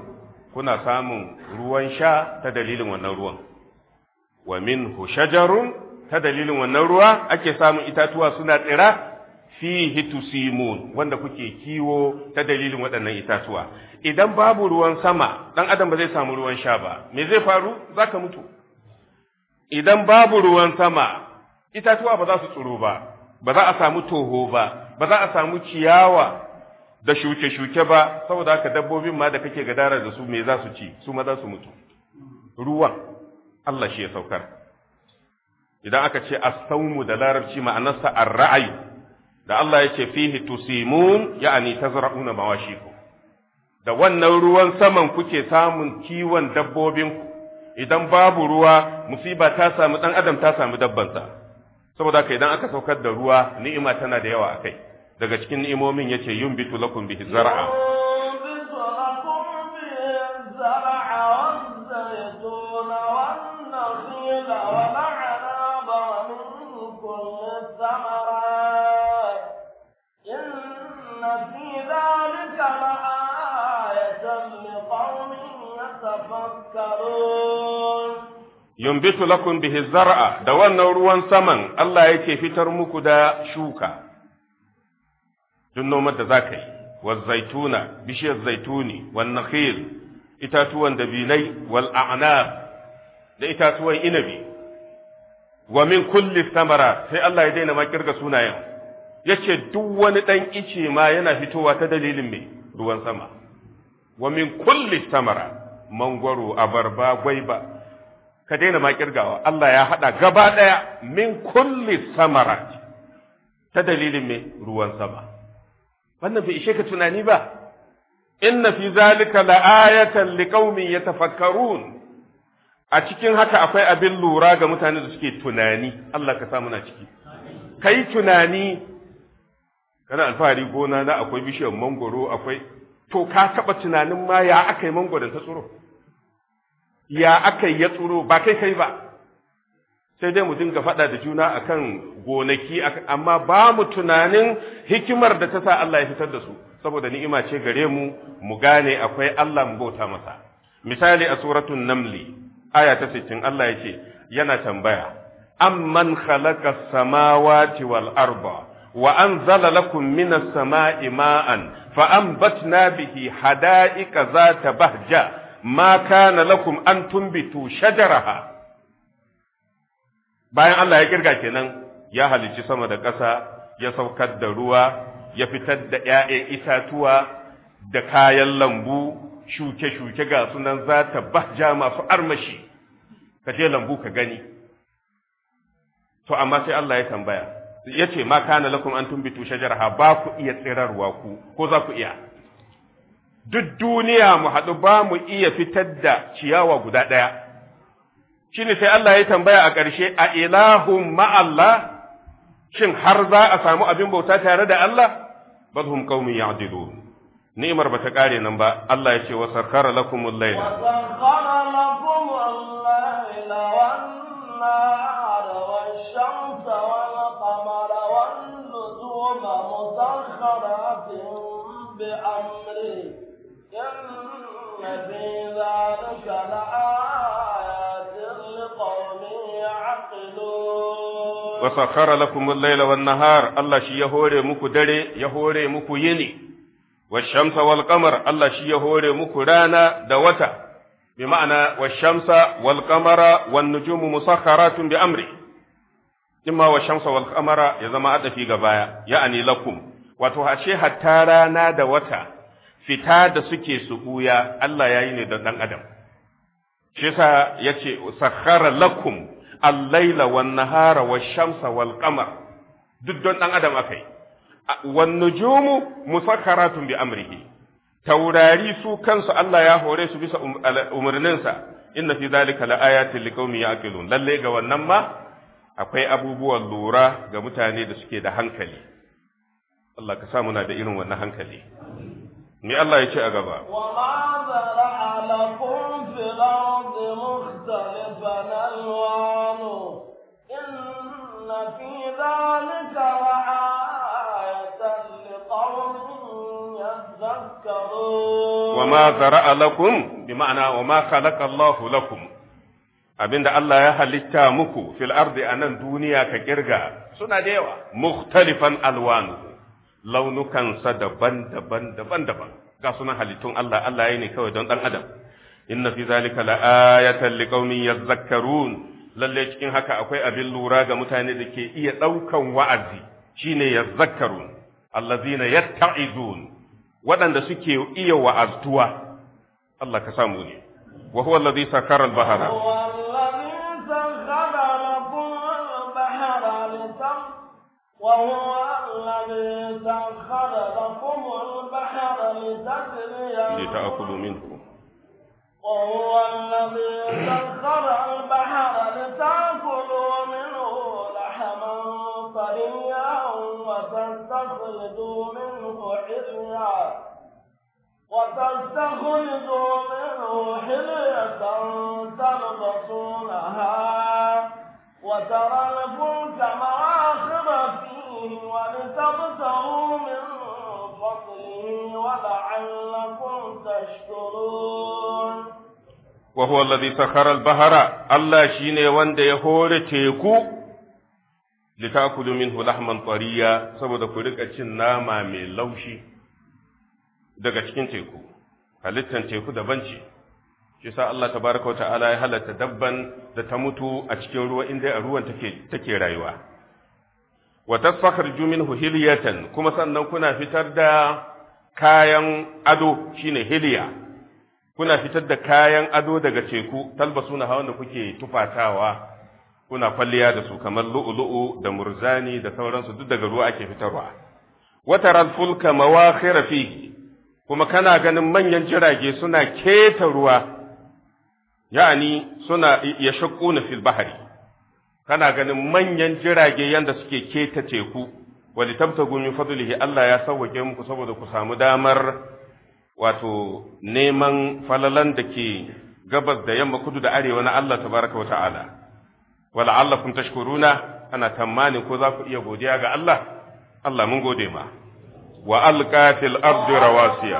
kuna samun ruwan sha ta dalilin wannan ruwan wa minhu shajarun ta dalilin wannan ruwa ake samun itatuwa suna tsira fihi tusimun wanda kuke kiwo ta dalilin waɗannan itatuwa idan babu ruwan sama dan adam ba zai samu ruwan sha ba me zai faru zaka mutu idan babu ruwan sama itatuwa ba za su tsiro ba ba za a samu toho ba ba za a samu ciyawa da shuke-shuke ba saboda haka dabbobin ma da kake gadara da su me za su ci su ma za su mutu ruwan Allah shi ya saukar idan aka ce as-sawmu da larabci ma'anarsa ar-ra'ayu da Allah ya ce fihi tusimun ya'ani tazra'una mawashiku da wannan ruwan saman kuke samun kiwon dabbobin ku. idan babu ruwa musiba ta samu dan adam ta samu dabbansa saboda haka idan aka saukar da ruwa ni'ima tana da yawa akai daga cikin ni'imomin yace yumbitu lakum bihi zar'a bihi والزيتون لما آية لقوم يتفكرون bihi zar'a da wannan ruwan saman Allah yake fitar muku da shuka duk nomar da zaka yi wa zaituna bishiyar zaituni wan nakhil itatuwan dabinai wal a'nab da itatuwan inabi wa min kulli thamara sai Allah ya daina ma kirga sunayen yace duk wani ɗan ice ma yana fitowa ta dalilin mai ruwan sama wa min kulli samara mangwaro abarba gwaiba ka daina ma kirgawa Allah ya haɗa gaba ɗaya min kulli samara ta dalilin mai ruwan sama wannan bai ishe ka tunani ba inna fi zalika la'ayatan liqaumin yatafakkarun a cikin haka akwai abin lura ga mutane da suke tunani Allah ka sa muna ciki kai tunani kana alfahari gona na akwai bishiyar mangoro akwai to ka taɓa tunanin ma ya aka yi mangoro ta tsoro ya aka yi ya tsoro ba kai kai ba sai dai mu dinga faɗa da juna akan gonaki amma ba mu tunanin hikimar da ta sa Allah ya fitar da su saboda ni'ima ce gare mu mu gane akwai Allah mu bauta masa misali a suratul namli aya ta 60 Allah ya ce yana tambaya amman khalaqa samawati wal arda wa anzala lakum minas sama'i ma'an fa anbatna bihi za ta bahja ma kana lakum an tumbitu shajaraha bayan Allah ya kirga kenan ya halicci sama da ƙasa ya saukar da ruwa ya fitar da ‘ya'yan itatuwa da kayan lambu shuke-shuke ga sunan za ta bahja masu armashi, ka je lambu ka gani. To, amma sai Allah ya tambaya, yace ma kana lakum an tumbitu shajaraha ba ku iya tsirarwa ku ko za ku iya duk duniya mu haɗu ba mu iya fitar da ciyawa guda ɗaya shine sai Allah ya tambaya a ƙarshe a ilahum allah shin har za a samu abin bauta tare da Allah bazhum qaumin ya'dilun Nimar bata kare nan ba Allah ya ce wa sakhara lakumul layla wa lakumul layla Waɗannan shamsa wani kamar wanda zuma musamman Nahar, Allah muku dare, ya hore muku yini. Wa shamsa walƙamar, Allah shi ya hore muku rana da wata. Mai ma'ana wa shamsa wal qamara wan nujumu musakharatun bi amri imma wa shamsa wal ya zama adafi ga baya ya'ani lakum wato ashe hatta rana da wata fita da suke su buya Allah yayi ne da dan adam shi yace sakara lakum al-laila wan nahara wash shamsa wal duk don dan adam akai wan nujumu musakharatun bi amrihi taurari su kansu Allah ya hore su bisa umarninsa inna fi zalika laayatin liqaumin yaqilun lalle ga wannan ma akwai abubuwan lura ga mutane da suke da hankali Allah ka sa muna da irin wannan hankali me Allah ya ce a gaba wa ma zara'a lakum wa ma zara'a lakum bi ma'ana wa ma abinda Allah ya halitta muku fil ardi anan duniya ka girga, suna da yawa mukhtalifan alwanu launukan sa daban-daban daban-daban ga sunan halittun Allah Allah yayi ne kawai don dan adam inna fi zalika la'ayatan liqaumin yadhakkarun lalle cikin haka akwai abin lura ga mutane da ke iya daukan wa'azi shine yadhakkarun allazina yatta'izun waɗanda suke iya wa'aztuwa Allah ka samu ne wa huwa allazi sakara al-bahara وهو الذي سخر لكم البحر لتجري لتأكلوا منه وهو الذي سخر البحر لتأكلوا منه لحما طريا وتستخرجوا منه وتستخرجوا منه حلية تلبسونها وترى الفلك مراكب فيه ولتبتغوا من فضله ولعلكم تشكرون وهو الذي سخر البحر الله شيني وند يهور تيكو لتأكلوا منه لحما طريا سبب كل ناما من لوشي daga cikin teku halittan teku daban ce shi sa Allah tabaraka wa ta'ala ya halatta dabban da ta mutu a cikin ruwa inda a ruwan take take rayuwa wa tasfakhruju minhu hiliyatan kuma sannan kuna fitar da kayan ado shine hiliya kuna fitar da kayan ado daga teku talbasuna hawan da kuke tufatawa kuna kwalliya da su kamar lu'ulu'u da murzani da sauransu duk daga ruwa ake fitarwa taral fulka mawakhira fihi kuma kana ganin manyan jirage suna keta ruwa ya'ani suna ya shakku na fil bahari kana ganin manyan jirage yadda suke keta teku wali tabtagu min fadlihi Allah ya sauwake muku saboda ku samu damar wato neman falalan da ke gabas da yamma kudu da arewa na Allah tabaraka wa ta'ala wala'allakum tashkuruna ana tamanin ko za ku iya godiya ga Allah Allah mun gode ma wa alqa fil ardi rawasiya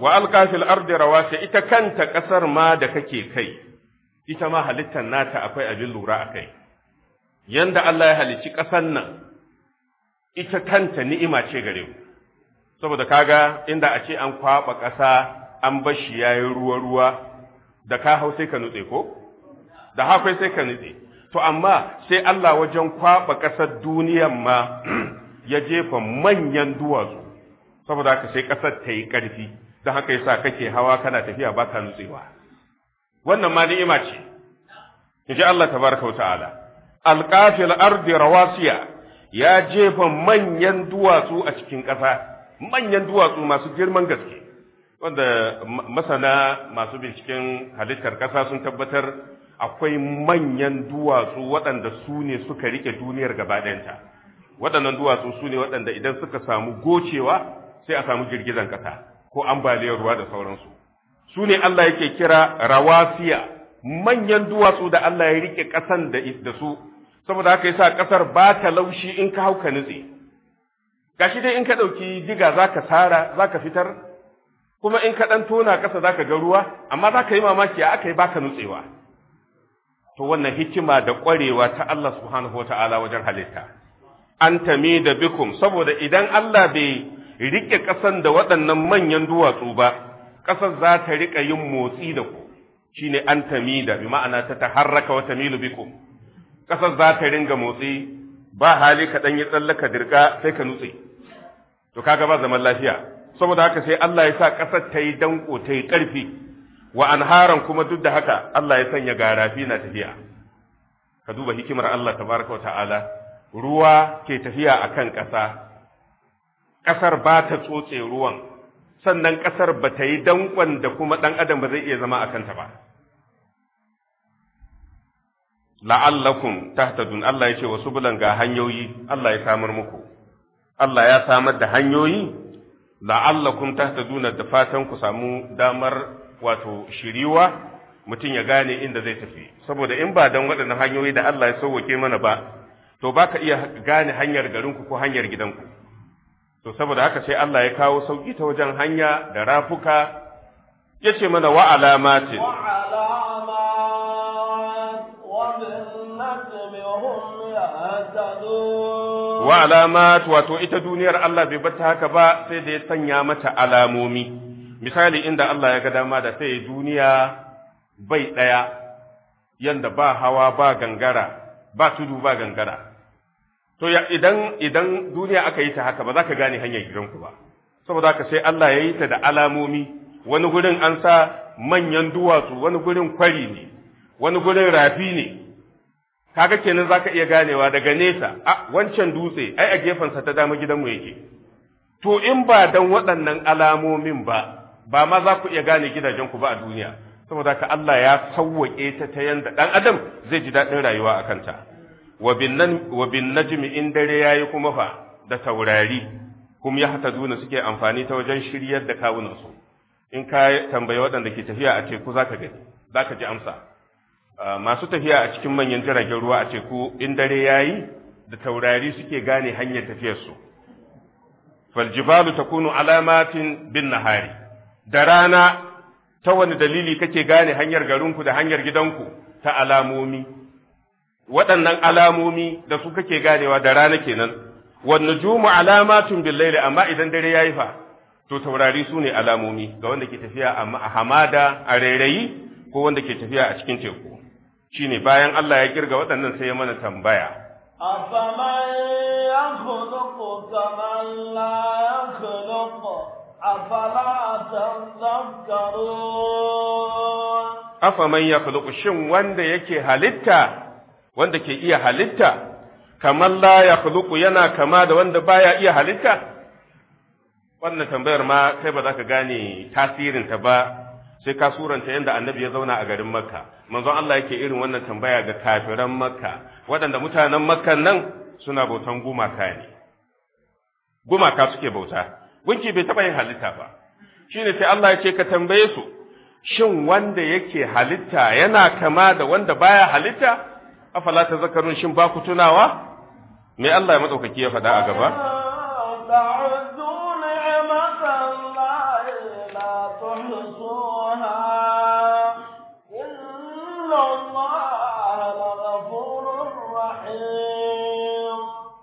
wa alqa fil ardi rawasiya ita kanta kasar ma da kake kai ita ma halittar nata akwai abin lura akai yanda Allah ya halicci ƙasar nan ita kanta ni'ima ce gare ku saboda kaga inda a ce an kwaba ƙasa an bashi yayi ruwa ruwa da ka hau sai ka nutse ko da hafai sai ka nutse to amma sai Allah wajen kwaɓa ƙasar duniyan ma (clears throat) ya jefa manyan duwatsu saboda haka sai ƙasar ta yi ƙarfi don haka yasa kake hawa kana tafiya ba ka nutsewa wannan ma ni'ima ce in ji Allah tabaraka wa ta'ala alqafil ardi rawasiya ya jefa manyan duwatsu a cikin ƙasa manyan duwatsu masu girman gaske wanda masana masu binciken halittar ƙasa sun tabbatar akwai manyan duwatsu waɗanda su ne suka rike duniyar gabaɗayanta waɗannan duwatsu su ne waɗanda idan suka samu gocewa sai a samu girgizan ƙasa ko ambaliyar ruwa da sauransu su ne Allah yake kira rawasiya manyan duwatsu da Allah ya rike ƙasan da su saboda haka yasa ƙasar ba ta laushi in ka hauka nutse gashi dai in ka ɗauki diga zaka ka zaka fitar kuma in ka ɗan tona ƙasa za ka ga ruwa amma za ka yi mamaki a aka yi baka nutsewa to wannan hikima da ƙwarewa ta Allah subhanahu wa ta'ala wajen halitta an tami da bikum saboda idan Allah bai riƙe ƙasan da waɗannan manyan duwatsu ba ƙasar za ta riƙa yin motsi da ku shine an tami da bi ma'ana ta harraka wata tamilu bikum ƙasar za ta ringa motsi ba hali ka ɗan yi tsallaka dirka sai ka nutse to kaga ba zaman lafiya saboda haka sai Allah ya sa ƙasar ta yi danko ta yi ƙarfi wa anharan kuma duk da haka Allah ya sanya garafi na tafiya ka duba hikimar Allah tabaraka ta'ala ruwa ke tafiya akan ƙasa ƙasar ba ta tsotse ruwan sannan ƙasar ba ta yi danƙon da kuma ɗan adam ba zai iya zama a kanta ba la'allakum tahtadun Allah ya ce wasu bulan ga hanyoyi Allah ya samar muku Allah ya samar da hanyoyi tahta duna da fatan ku samu damar wato shiriwa mutum ya gane inda zai tafi saboda in ba dan waɗannan hanyoyi da Allah ya sauwake mana ba to baka iya gane hanyar garinku ko hanyar gidanku to saboda haka sai Allah ya kawo sauki ta wajen hanya da rafuka yace mana wa alamati wa alamati wa hum yahtadun wa alamat wato ita duniyar Allah bai bata haka ba sai da ya sanya mata alamomi misali inda Allah ya ga dama da sai duniya bai daya yanda ba hawa ba gangara ba tudu ba gangara to ya idan idan duniya aka yi ta haka ba za ka gane hanyar gidanku ba saboda haka sai Allah ya yi ta da alamomi wani gurin an sa manyan duwatsu wani gurin kwari ne wani gurin rafi ne kaga kenan zaka iya ganewa daga nesa a wancan dutse ai a gefensa ta dama gidanmu yake to in ba dan waɗannan alamomin ba ba ma za ku iya gane gidajenku ba a duniya saboda ka Allah ya sawwake ta ta yanda ɗan adam zai ji daɗin rayuwa a kanta wa bin najmi in dare yayi kuma fa da taurari kuma ya hata duna suke amfani ta wajen shiryar da kawunansu in ka tambayi waɗanda ke tafiya a teku zaka gani zaka ji amsa Ah, masu tafiya a cikin manyan jiragen ruwa a teku in dare ya yi da taurari suke gane hanyar tafiyarsu faljibalu takunu alamatin bin nahari da rana ta wani dalili kake gane hanyar garinku da hanyar gidanku ta alamomi waɗannan alamomi da su kake ganewa da rana kenan wannan jumu alamatin bin laili amma idan dare ya yi fa to taurari su ne alamomi ga wanda ke tafiya a hamada a rairayi ko wanda ke tafiya a cikin teku shine bayan Allah ya kirga waɗannan sai ya mana tambaya afaman yakhluqu kaman shin wanda yake halitta wanda ke iya halitta kamar la yakhluqu yana kama da wanda baya iya halitta wannan tambayar ma kai ba za ka gane tasirinta ba sai ka suranta yadda annabi ya zauna a garin makka manzon Allah yake irin wannan tambaya ga kafiran makka waɗanda mutanen Makka nan suna bautan gumaka ne gumaka suke bauta gunki bai taɓa yin halitta ba shine sai Allah ce ka tambaye su shin wanda yake halitta yana kama da wanda baya halitta afala ta zakarun shin ba ku tunawa me Allah ya madaukaki ya faɗa a gaba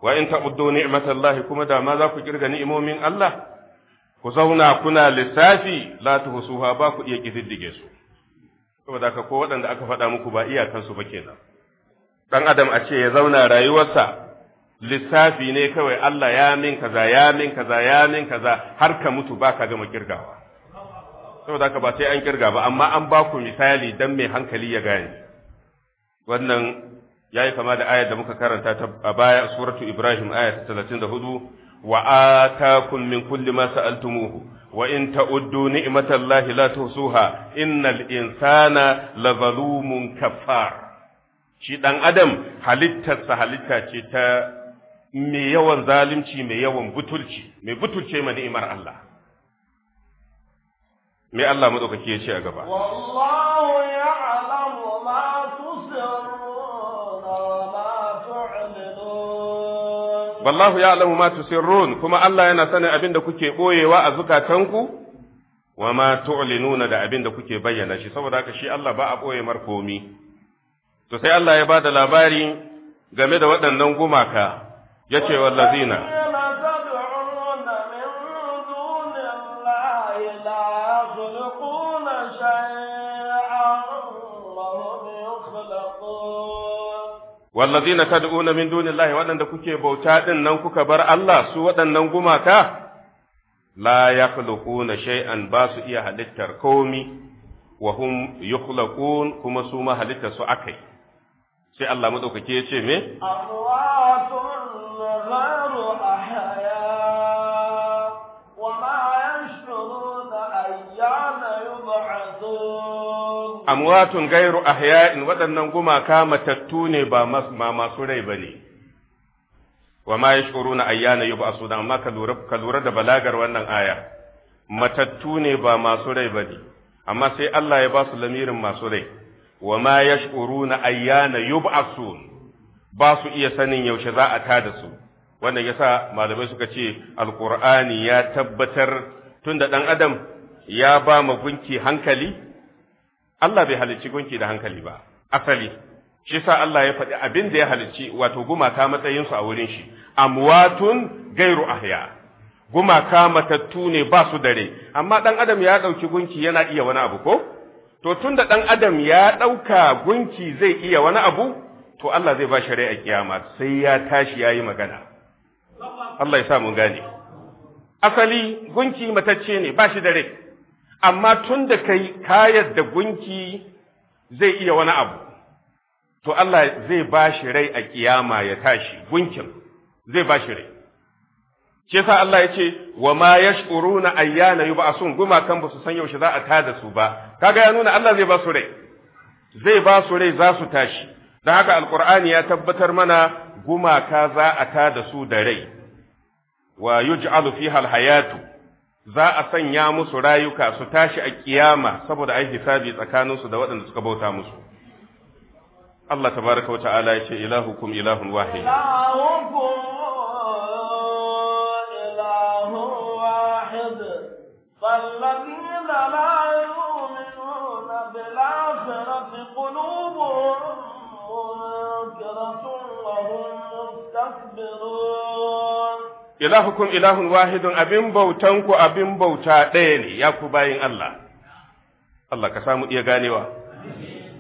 wa in ta'uddu ni'matallahi kuma da ma za ku kirga ni'imomin Allah ku zauna kuna lissafi la tuhsuha ba ku iya kididdige su saboda ka ko waɗanda aka faɗa muku ba iya kansu ba kenan dan adam a ce ya zauna rayuwarsa lissafi ne kawai Allah ya min kaza ya min kaza ya min kaza har ka mutu ba ka gama kirgawa saboda haka ba sai an kirga ba amma an ba ku misali dan mai hankali ya gane wannan Ya yi kama da ayar da muka karanta ta a baya suratu Ibrahim aya ta hudu. wa atakum min kulli ma sa'altumuhu wa in ta'uddu ni'matallahi la tuhsuha innal insana lazalumun kafar shi dan adam halittarsa halitta ce ta mai yawan zalunci mai yawan butulci mai butulce ma ni'imar Allah me Allah madaukaki ya ce a gaba wallahu ya'lamu ma tusirrun Ballahu wallahu ya'lamu ma tusirrun kuma Allah yana sanin abin da kuke ɓoyewa a zukatanku wa ma tu'linuna da abin da kuke bayyana shi saboda haka shi Allah ba a ɓoye mar komi to sai Allah ya ba da labari game da waɗannan gumaka yace wallazina wallazina tad'una min dunillahi waɗanda kuke bauta din nan kuka bar Allah su waɗannan gumaka la yakhluquna shay'an ba su iya halittar komi wa hum yukhlaqun kuma su ma halittar su akai sai Allah madaukake ya ce me amwatun ghayru ahya amwatun gairu ahya'in waɗannan gumaka matattu ne ba ma masu rai ba ne wa ma ya na ayyana yi ba a amma ka lura da balagar wannan aya matattu ne ba masu rai ba ne amma sai Allah ya ba su lamirin masu rai wa ma ya na ayyana yi ba su iya sanin yaushe za a ta da su wannan yasa malamai suka ce alkur'ani ya tabbatar tun da ɗan adam ya ba mu gunki hankali Allah bai halicci gunki da hankali ba asali shi sa Allah ya faɗi abin da ya halicci wato gumaka matsayinsu a wurin shi amwatun gairu ahya gumaka matattu ne ba su dare amma ɗan adam ya ɗauki gunki yana iya wani abu ko to tun da ɗan adam ya ɗauka gunki zai iya wani abu to Allah zai ba shi rai a kiyama sai ya tashi ya yi magana Allah ya sa mun gane asali gunki matacce ne ba shi da rai amma tun da kai kayar da gunki zai iya wani abu to Allah zai ba shi rai a kiyama ya tashi gunkin zai ba shi rai Ke sa Allah ya ce wa ma yash'uruna ayyana yub'asun gumakan ba su san yaushe za a tada su ba kaga ya nuna Allah zai ba su rai zai ba su rai za su tashi don haka alqur'ani ya tabbatar mana gumaka za a tada su da rai wa yuj'alu fiha alhayatu za a sanya musu rayuka su tashi a kiyama saboda ai hisabi tsakaninsu da waɗanda suka bauta musu Allah tabaraka wa ta'ala ya ce ilahukum ilahun wahid ilahukum ilahun wahidun abin bautan ku abin bauta ɗaya ne ya ku bayin Allah Allah ka samu iya ganewa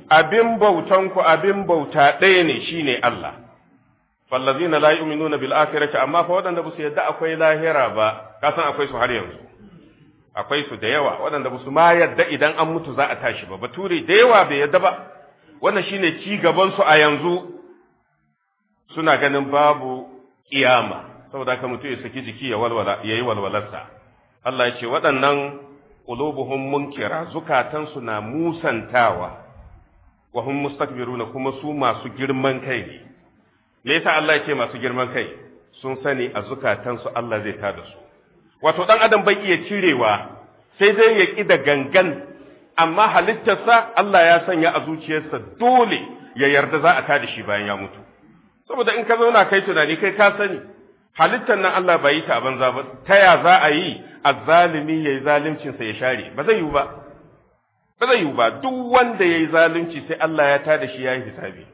abin bautan ku abin bauta ɗaya ne shine Allah fallazina la yu'minuna bil akhirati amma fa waɗanda ba su yadda akwai lahira ba ka san akwai su har yanzu akwai su da yawa waɗanda ba su ma yadda idan an mutu za a tashi ba bature da yawa bai yadda ba wannan shine ci gaban su a yanzu suna ganin babu kiyama saboda haka mutu ya saki jiki ya walwala yayi walwalarsa Allah ya ce waɗannan qulubuhum munkira zukatansu na musantawa wa hum mustakbiruna kuma su masu girman kai ne me yasa Allah ya ce masu girman kai sun sani a zukatansu Allah zai tada su wato dan adam bai iya cirewa sai dai ya ƙi da gangan amma halittarsa Allah ya sanya a zuciyarsa dole ya yarda za a tada shi bayan ya mutu saboda in ka zauna kai tunani kai ka sani halittar nan Allah bai yi ta banza ba ta ya za a yi azzalimi yayi zaluncin sa ya share ba zai yi ba ba zai yi ba duk wanda yayi zalunci sai Allah ya tada shi yayi hisabi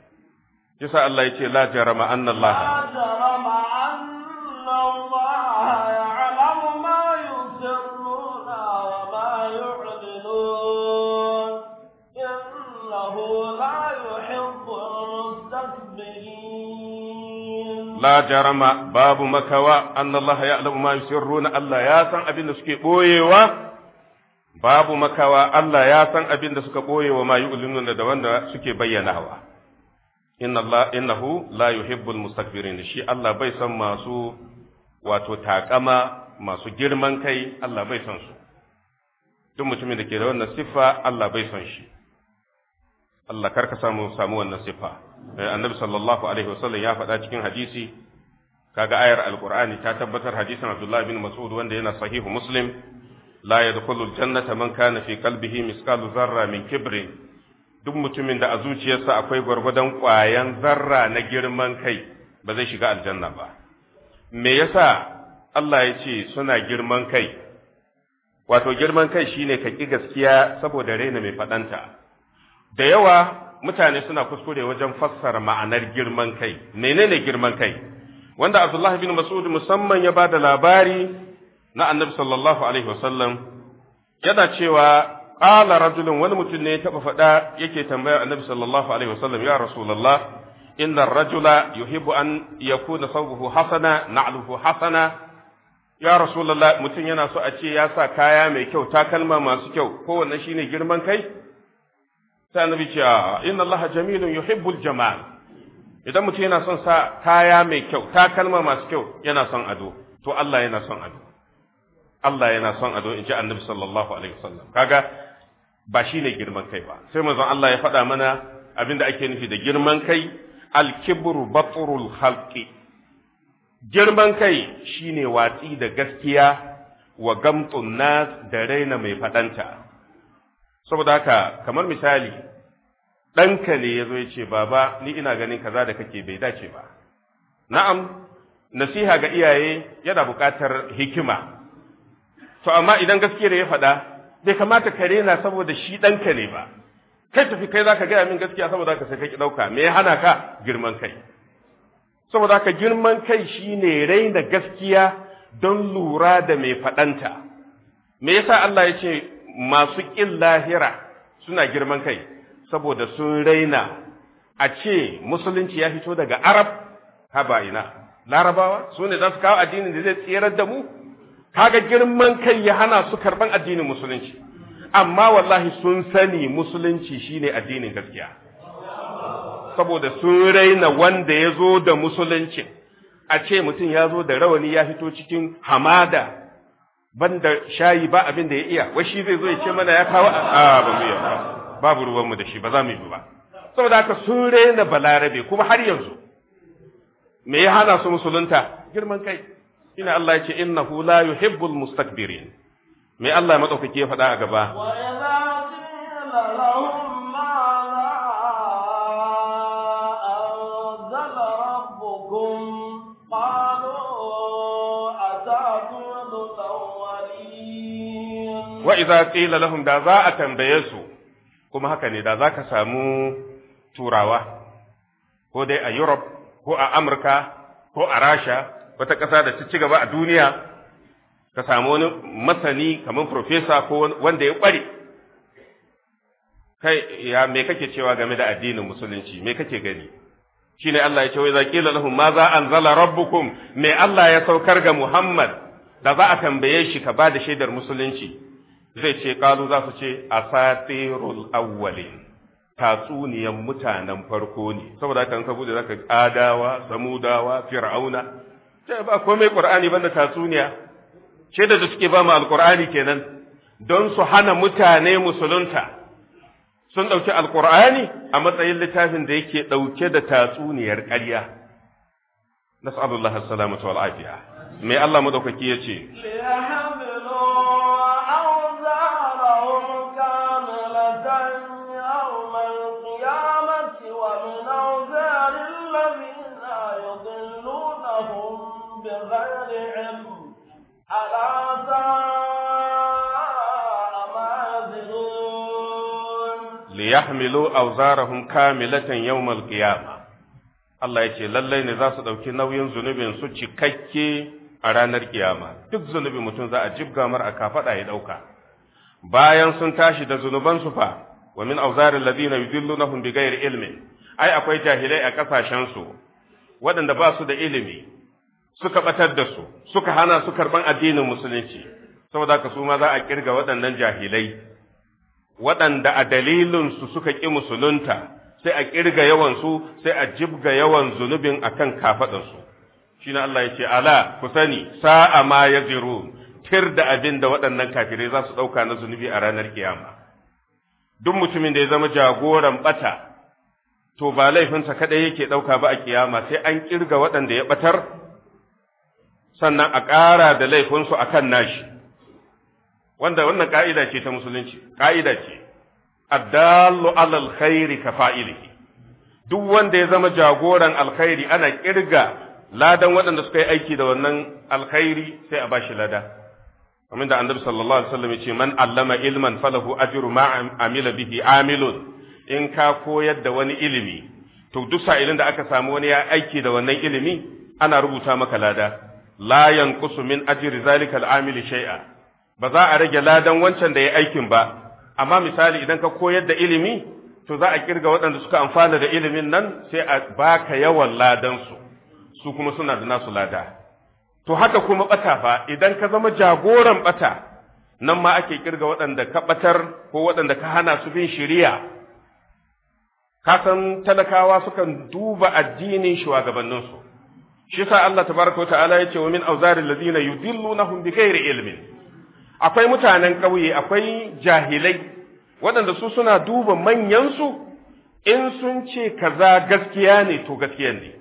yasa Allah yake la jarama anna Allah la jarama anna Allah ya'lamu ma yusirruna wa ma yu'linun innahu la yuhibbul mustakbirin la jarama babu makawa annallaha ya'lamu ma yusirruna Allah ya san abin da suke boyewa babu makawa Allah ya san abin da suka boyewa ma yu'linuna da wanda suke bayyanawa inna Allah innahu la yuhibbul mustakbirin shi Allah bai san masu wato takama masu girman kai Allah bai san su duk mutumin da ke da wannan siffa Allah bai san shi Allah karka samu samu wannan siffa Eh, annabi sallallahu alaihi wasallam ya faɗa cikin hadisi kaga ayar alqur'ani ta tabbatar hadisin abdullah bin mas'ud wanda yana sahihu muslim la yadkhulul jannata man kana fi qalbihi misqalu zarra min kibri duk mutumin da a zuciyarsa akwai gwargwadon ƙwayan zarra na girman kai ba zai shiga aljanna ba me yasa Allah ya ce suna girman kai wato girman kai shine ka ƙi gaskiya saboda raina mai faɗanta da yawa mutane suna kuskure wajen fassara ma'anar girman kai menene girman kai wanda abdullahi bin mas'ud musamman ya bada labari na annabi sallallahu alaihi wasallam yana cewa qala rajulun wani mutum ne ya taba faɗa yake tambaya annabi sallallahu alaihi wasallam ya rasulullah inna rajula yuhibbu an yakuna thawbuhu hasana na'luhu hasana ya rasulullah mutum yana so a ce ya sa kaya mai kyau takalma masu kyau kowanne shine girman kai sai annabi ce inna Allah jamilun yuhibbul jamal idan mutum yana son sa kaya mai kyau takalma masu kyau yana son ado to Allah yana son ado Allah yana son ado in ji annabi sallallahu alaihi wasallam kaga ba shi ne girman kai ba sai manzon Allah ya faɗa mana abin da ake nufi da girman kai al-kibru batrul khalqi girman kai shine watsi da gaskiya wa gamtun nas da raina mai faɗanta saboda haka kamar misali ɗanka ne ya zo ya ce baba ni ina ganin kaza da kake bai dace ba na'am nasiha ga iyaye yana buƙatar hikima to amma idan gaskiyar ya faɗa bai kamata ka rena saboda shi ɗanka ne ba kai tafi kai zaka gaya min gaskiya saboda ka sai ki ɗauka me ya hana ka girman kai saboda ka girman kai shine raina gaskiya don lura da mai faɗanta me yasa Allah ya ce masu ƙin lahira suna girman kai saboda sun raina a ce musulunci ya fito daga arab haba ina larabawa su ne za su kawo addinin da zai tserar da mu kaga girman kai ya hana su karban addinin musulunci amma wallahi sun sani musulunci shine addinin gaskiya saboda sun raina wanda ya zo da musulunci a ce mutum ya zo da rawani ya fito cikin hamada banda shayi ba abin da ya iya washi shi zai zo ya ce mana ya kawo a ba mu yarda babu ruwanmu da shi ba za mu yi ba saboda haka sun rena balarabe kuma har yanzu me ya hana su musulunta girman kai ina Allah ya ce innahu la yuhibbul mustakbirin me Allah ya ya faɗa a gaba wa wa iza qila lahum da za a tambaye su kuma haka ne da za ka samu turawa ko dai a Europe ko a Amurka ko a Rasha wata ƙasa da ta ci gaba a duniya ka samu wani masani kamar profesa ko wanda ya kware kai ya me kake cewa game da addinin musulunci me kake gani shine Allah ya ce wai zaqila lahum ma za anzala rabbukum me Allah ya saukar ga Muhammad da za a tambaye shi ka ba da shaidar musulunci zai ce kalu za su ce a asatirul awwalin tatsuniyan mutanen farko ne saboda kan saboda zaka adawa samudawa fir'auna ce ba komai qur'ani banda tatsuniya ce da suke ba mu alqur'ani kenan don su hana mutane musulunta sun dauki alqur'ani a matsayin littafin da yake dauke da tatsuniyar ƙarya nas'alullahi assalamatu wal afiya mai Allah ya ce? yahmilu awzarahum kamilatan yawmal qiyama Allah ya ce lallai ne za su ɗauki nauyin zunubin su cikakke a ranar kiyama duk zunubi mutum za a jibgamar a kafaɗa ya ɗauka bayan sun tashi da zunubansu fa wa min awzaril ladina yudillunahum bighairi ilmin ai akwai jahilai a kasashen su waɗanda ba su da ilimi suka batar da su suka hana su karban addinin musulunci saboda haka su ma za a kirga waɗannan jahilai waɗanda a dalilinsu suka ƙi musulunta sai a ƙirga yawansu sai a jibga yawan zunubin a kan kafaɗansu shi na Allah ya ce ala ku sani sa'a ma ya ziru tir da abin da waɗannan kafirai za su ɗauka na zunubi a ranar kiyama duk mutumin da ya zama jagoran ɓata to ba laifinsa kaɗai yake ɗauka ba a kiyama sai an ƙirga waɗanda ya ɓatar sannan a ƙara da laifinsu a kan nashi wanda wannan ka'ida ce ta musulunci ka'ida ce addallu alal khairi ka fa'ilihi duk wanda ya zama jagoran alkhairi ana kirga ladan waɗanda suka yi aiki da wannan alkhairi sai a bashi lada kamar da annabi sallallahu alaihi wasallam yace man allama ilman falahu ajru ma amila bihi amilun in ka koyar da wani ilimi to duk sa'ilin da aka samu wani ya aiki da wannan ilimi ana rubuta maka lada layan yanqusu min zalikal zalika al-amili ba za a rage ladan wancan da ya aikin ba amma misali idan ka koyar da ilimi to za a kirga waɗanda suka amfana da ilimin nan sai a baka yawan ladansu su kuma suna da nasu lada to haka kuma ɓata fa idan ka zama jagoran ɓata nan ma ake kirga waɗanda ka ɓatar ko waɗanda ka hana su bin shiriya ka san talakawa sukan duba addinin shugabanninsu shi sa Allah tabaraka wa ta'ala yace wa min awzari allazina yudillunahum bighairi ilmin akwai mutanen ƙauye akwai jahilai waɗanda su suna duba manyansu in sun ce kaza gaskiya ne to gaskiya ne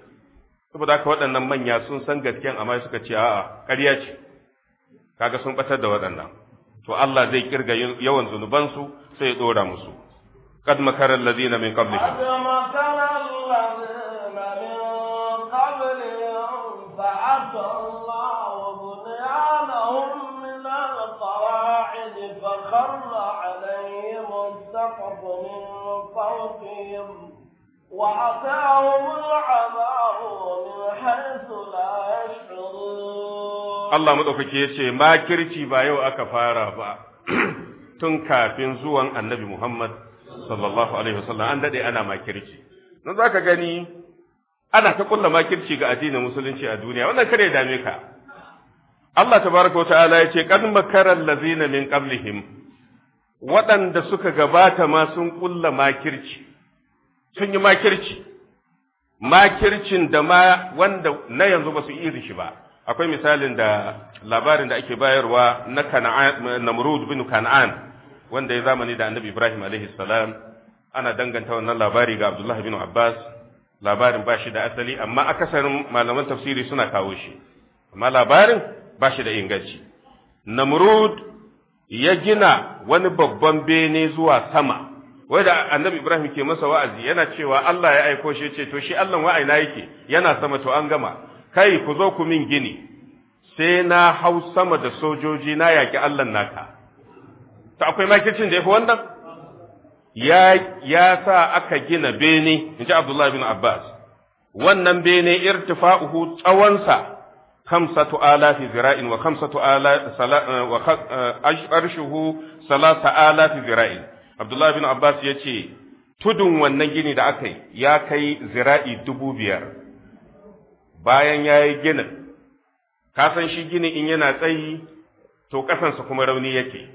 saboda haka waɗannan manya sun san gaskiyan amma suka ce a'a ƙarya ce kaga sun ɓatar da waɗannan to Allah zai kirga yawan zunubansu sai ya ɗora musu قد مكر الذين من قبلهم قد الواعد فخر عليهم السقف من فوقهم وأتاهم العذاب من حيث لا يشعرون الله مدوكي يشي ما كرتي بايو أكفارا با (clears throat) تنكافين زوان النبي محمد sallallahu alaihi wasallam an dade ana makirci nan zaka gani ana ta kulla makirci ga addinin musulunci a duniya wannan kare dame ka Allah tabaraka wa ta'ala ya ce qad makara allazina min waɗanda suka gabata ma sun kulla makirci sun yi makirci makircin da ma wanda na yanzu ba su iri shi ba akwai misalin da labarin da ake bayarwa na Kana'an Namrud bin Kana'an wanda ya zamani da Annabi Ibrahim salam ana danganta wannan labari ga Abdullahi bin Abbas labarin ba shi da asali amma akasarin malaman tafsiri suna kawo shi amma labarin ba shi da inganci namrud ya gina wani babban bene zuwa sama wai da annabi ibrahim ke masa wa'azi yana cewa Allah ya aiko shi ce to shi Allah wa'aina yake yana sama to an gama kai ku zo ku min gini sai na hau sama da sojoji na yaki Allah naka to akwai makicin da yafi wannan ya ya sa aka gina bene inji Abdullah bin Abbas wannan bene irtifa'uhu tsawonsa خمسة آلاف zira'in wa آلاف ala wa arshuhu salasa alafi zira'in Abdullah bin Abbas yace tudun wannan gini da aka yi ya kai zira'i dubu biyar bayan ya yi ginin ka san shi gini in yana tsayi to kasansa kuma rauni yake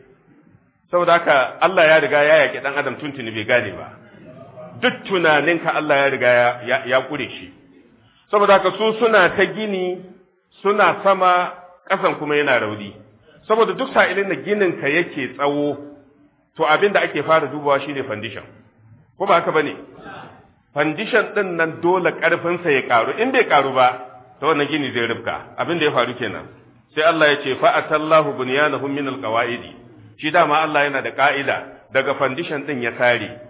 saboda haka Allah ya riga ya yaƙi ɗan adam tuntuni bai gane ba duk tunaninka Allah ya riga ya ƙure shi saboda haka su suna ta gini suna sama ƙasan kuma yana rauni saboda duk sa'ilin da ginin ka yake tsawo to abin da ake fara dubawa shine foundation ko ba haka bane foundation din nan dole ƙarfin sa ya karu in bai karu ba to wannan gini zai rubka abin da ya faru kenan sai Allah ya ce fa atallahu bunyanahum min alqawaidi shi dama Allah yana da ka'ida daga foundation din ya sare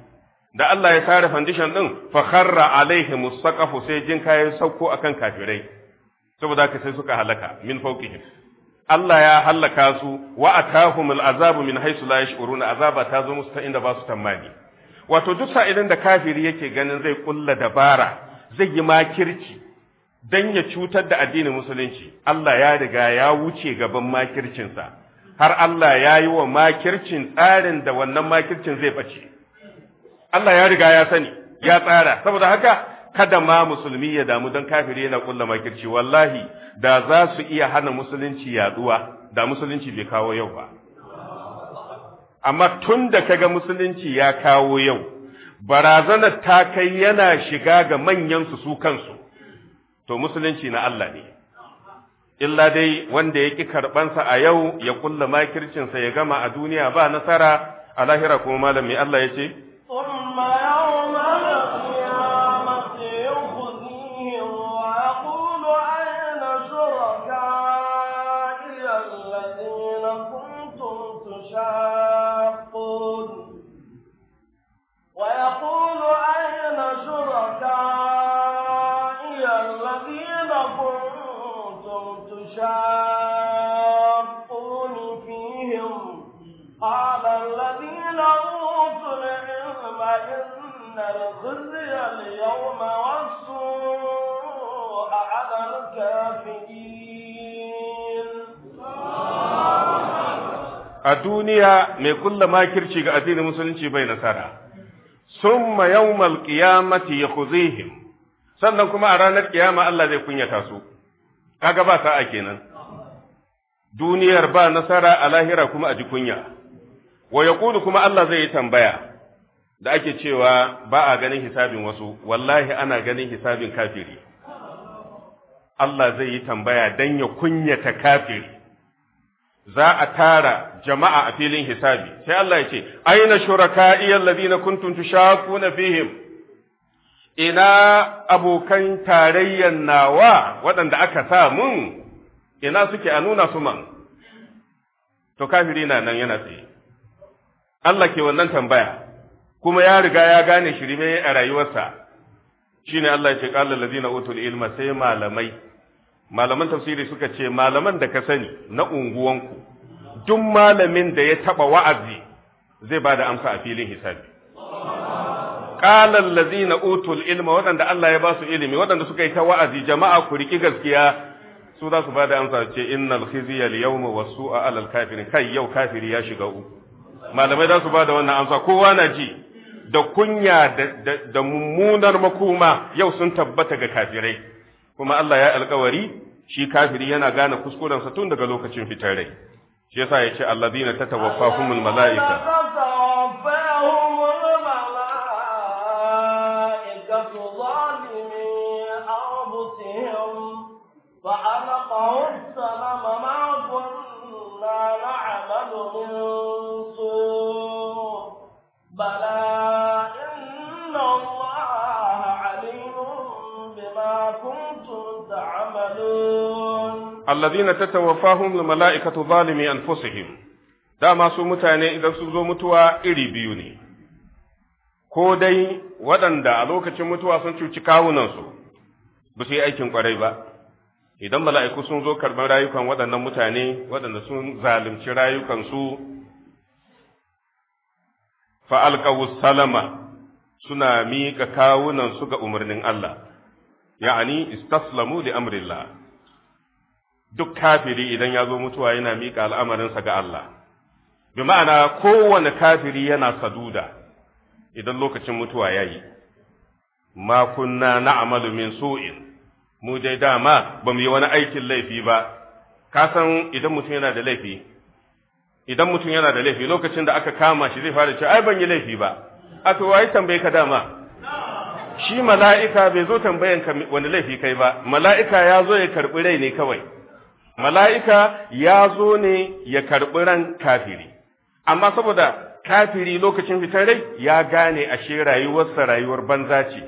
da Allah ya sare foundation din fa kharra alaihim sai jin kayan sauko akan kafirai saboda ka sai suka halaka min fawqihim Allah ya halaka su wa atahumul azabu min haythu la yash'uruna azaba ta zo musu ta inda ba su tamani wato duk sa idan da kafiri yake ganin zai kulla dabara zai yi makirci dan ya cutar da addinin musulunci Allah ya riga ya wuce gaban makircinsa har Allah ya yi wa makircin tsarin da wannan makircin zai bace Allah ya riga ya sani ya tsara saboda haka kada ma musulmi ya damu don kafiri yana kulla makirci wallahi da za su iya hana musulunci yaduwa da musulunci bai kawo yau ba amma tun da kaga musulunci ya kawo yau barazanar ta kai yana shiga ga manyan su su kansu to musulunci na Allah ne illa dai wanda ya ki sa a yau ya kulla makircinsa ya gama a duniya ba nasara a lahira kuma malami Allah ya ce شاقون فيهم قال الذين أوتوا العلم إن الخزي اليوم والسوء على الكافرين a duniya mai kulla makirci ga addinin musulunci bai nasara summa yawmal qiyamati yakhuzihim sannan kuma a ranar ƙiyama Allah zai kunyata su kaga ba sa'a kenan duniyar ba nasara a lahira kuma a ji kunya wa yaqulu kuma Allah zai yi tambaya da ake cewa ba a ganin hisabin wasu wallahi ana ganin hisabin kafiri Allah zai yi tambaya dan ya kunyata kafiri za a tara jama'a a filin hisabi sai Allah ya ce aina shuraka'i alladhina kuntum tushaquna fihim ina abokan tarayyar nawa waɗanda aka sa mun ina suke a nuna su man to kafiri na nan yana tsaye Allah ke wannan tambaya kuma ya riga ya gane shirme a rayuwarsa shine Allah ya ce qala allazina utul ilma sai malamai malaman tafsiri suka ce malaman da ka sani na unguwanku duk malamin da ya taɓa wa'azi zai bada amsa a filin hisabi qala allazina utul ilma waɗanda Allah ya ba su ilimi waɗanda suka yi ta wa'azi jama'a ku riki gaskiya su za su bada amsa ce innal khizya al yawma wasu'a alal kafirin kai yau kafiri ya shiga uku malamai za su bada wannan amsa kowa na ji da kunya da mummunar makuma yau sun tabbata ga kafirai kuma Allah ya alkawari shi kafiri yana gane kuskurensa tun daga lokacin fitar rai shi yasa yace allazina tatawaffahumul malaika فعلقه السلام ما كنا نعمل من سوء بلى إن الله عليم بما كنتم تعملون الذين تتوفاهم الملائكة ظالمي أنفسهم dama su mutane idan su zo mutuwa iri biyu ne, ko dai waɗanda a lokacin mutuwa sun cuci kawunansu ba su yi aikin ƙwarai ba, idan mala'iku sun zo karɓar rayukan waɗannan mutane waɗanda sun zalunci rayukansu fa'alƙawus salama suna miƙa kawunansu ga umarnin Allah, ya'ani istaslamu da amrillah duk kafiri idan ya zo mutuwa yana miƙa al'amarinsa ga Allah, bi ma'ana kowane kafiri yana saduda idan lokacin mutuwa ya yi, makunna na amalumin min su'in. mu dai dama ba mu yi wani aikin laifi ba ka san idan mutum yana da laifi idan mutum yana da laifi lokacin da aka kama shi zai fara cewa ai ban yi laifi ba a to wai tambaye ka dama shi mala'ika bai zo tambayan wani laifi kai ba mala'ika ya zo ya karɓi rai ne kawai mala'ika ya zo ne ya karɓi ran kafiri amma saboda kafiri lokacin fitar rai ya gane ashe rayuwarsa rayuwar banza ce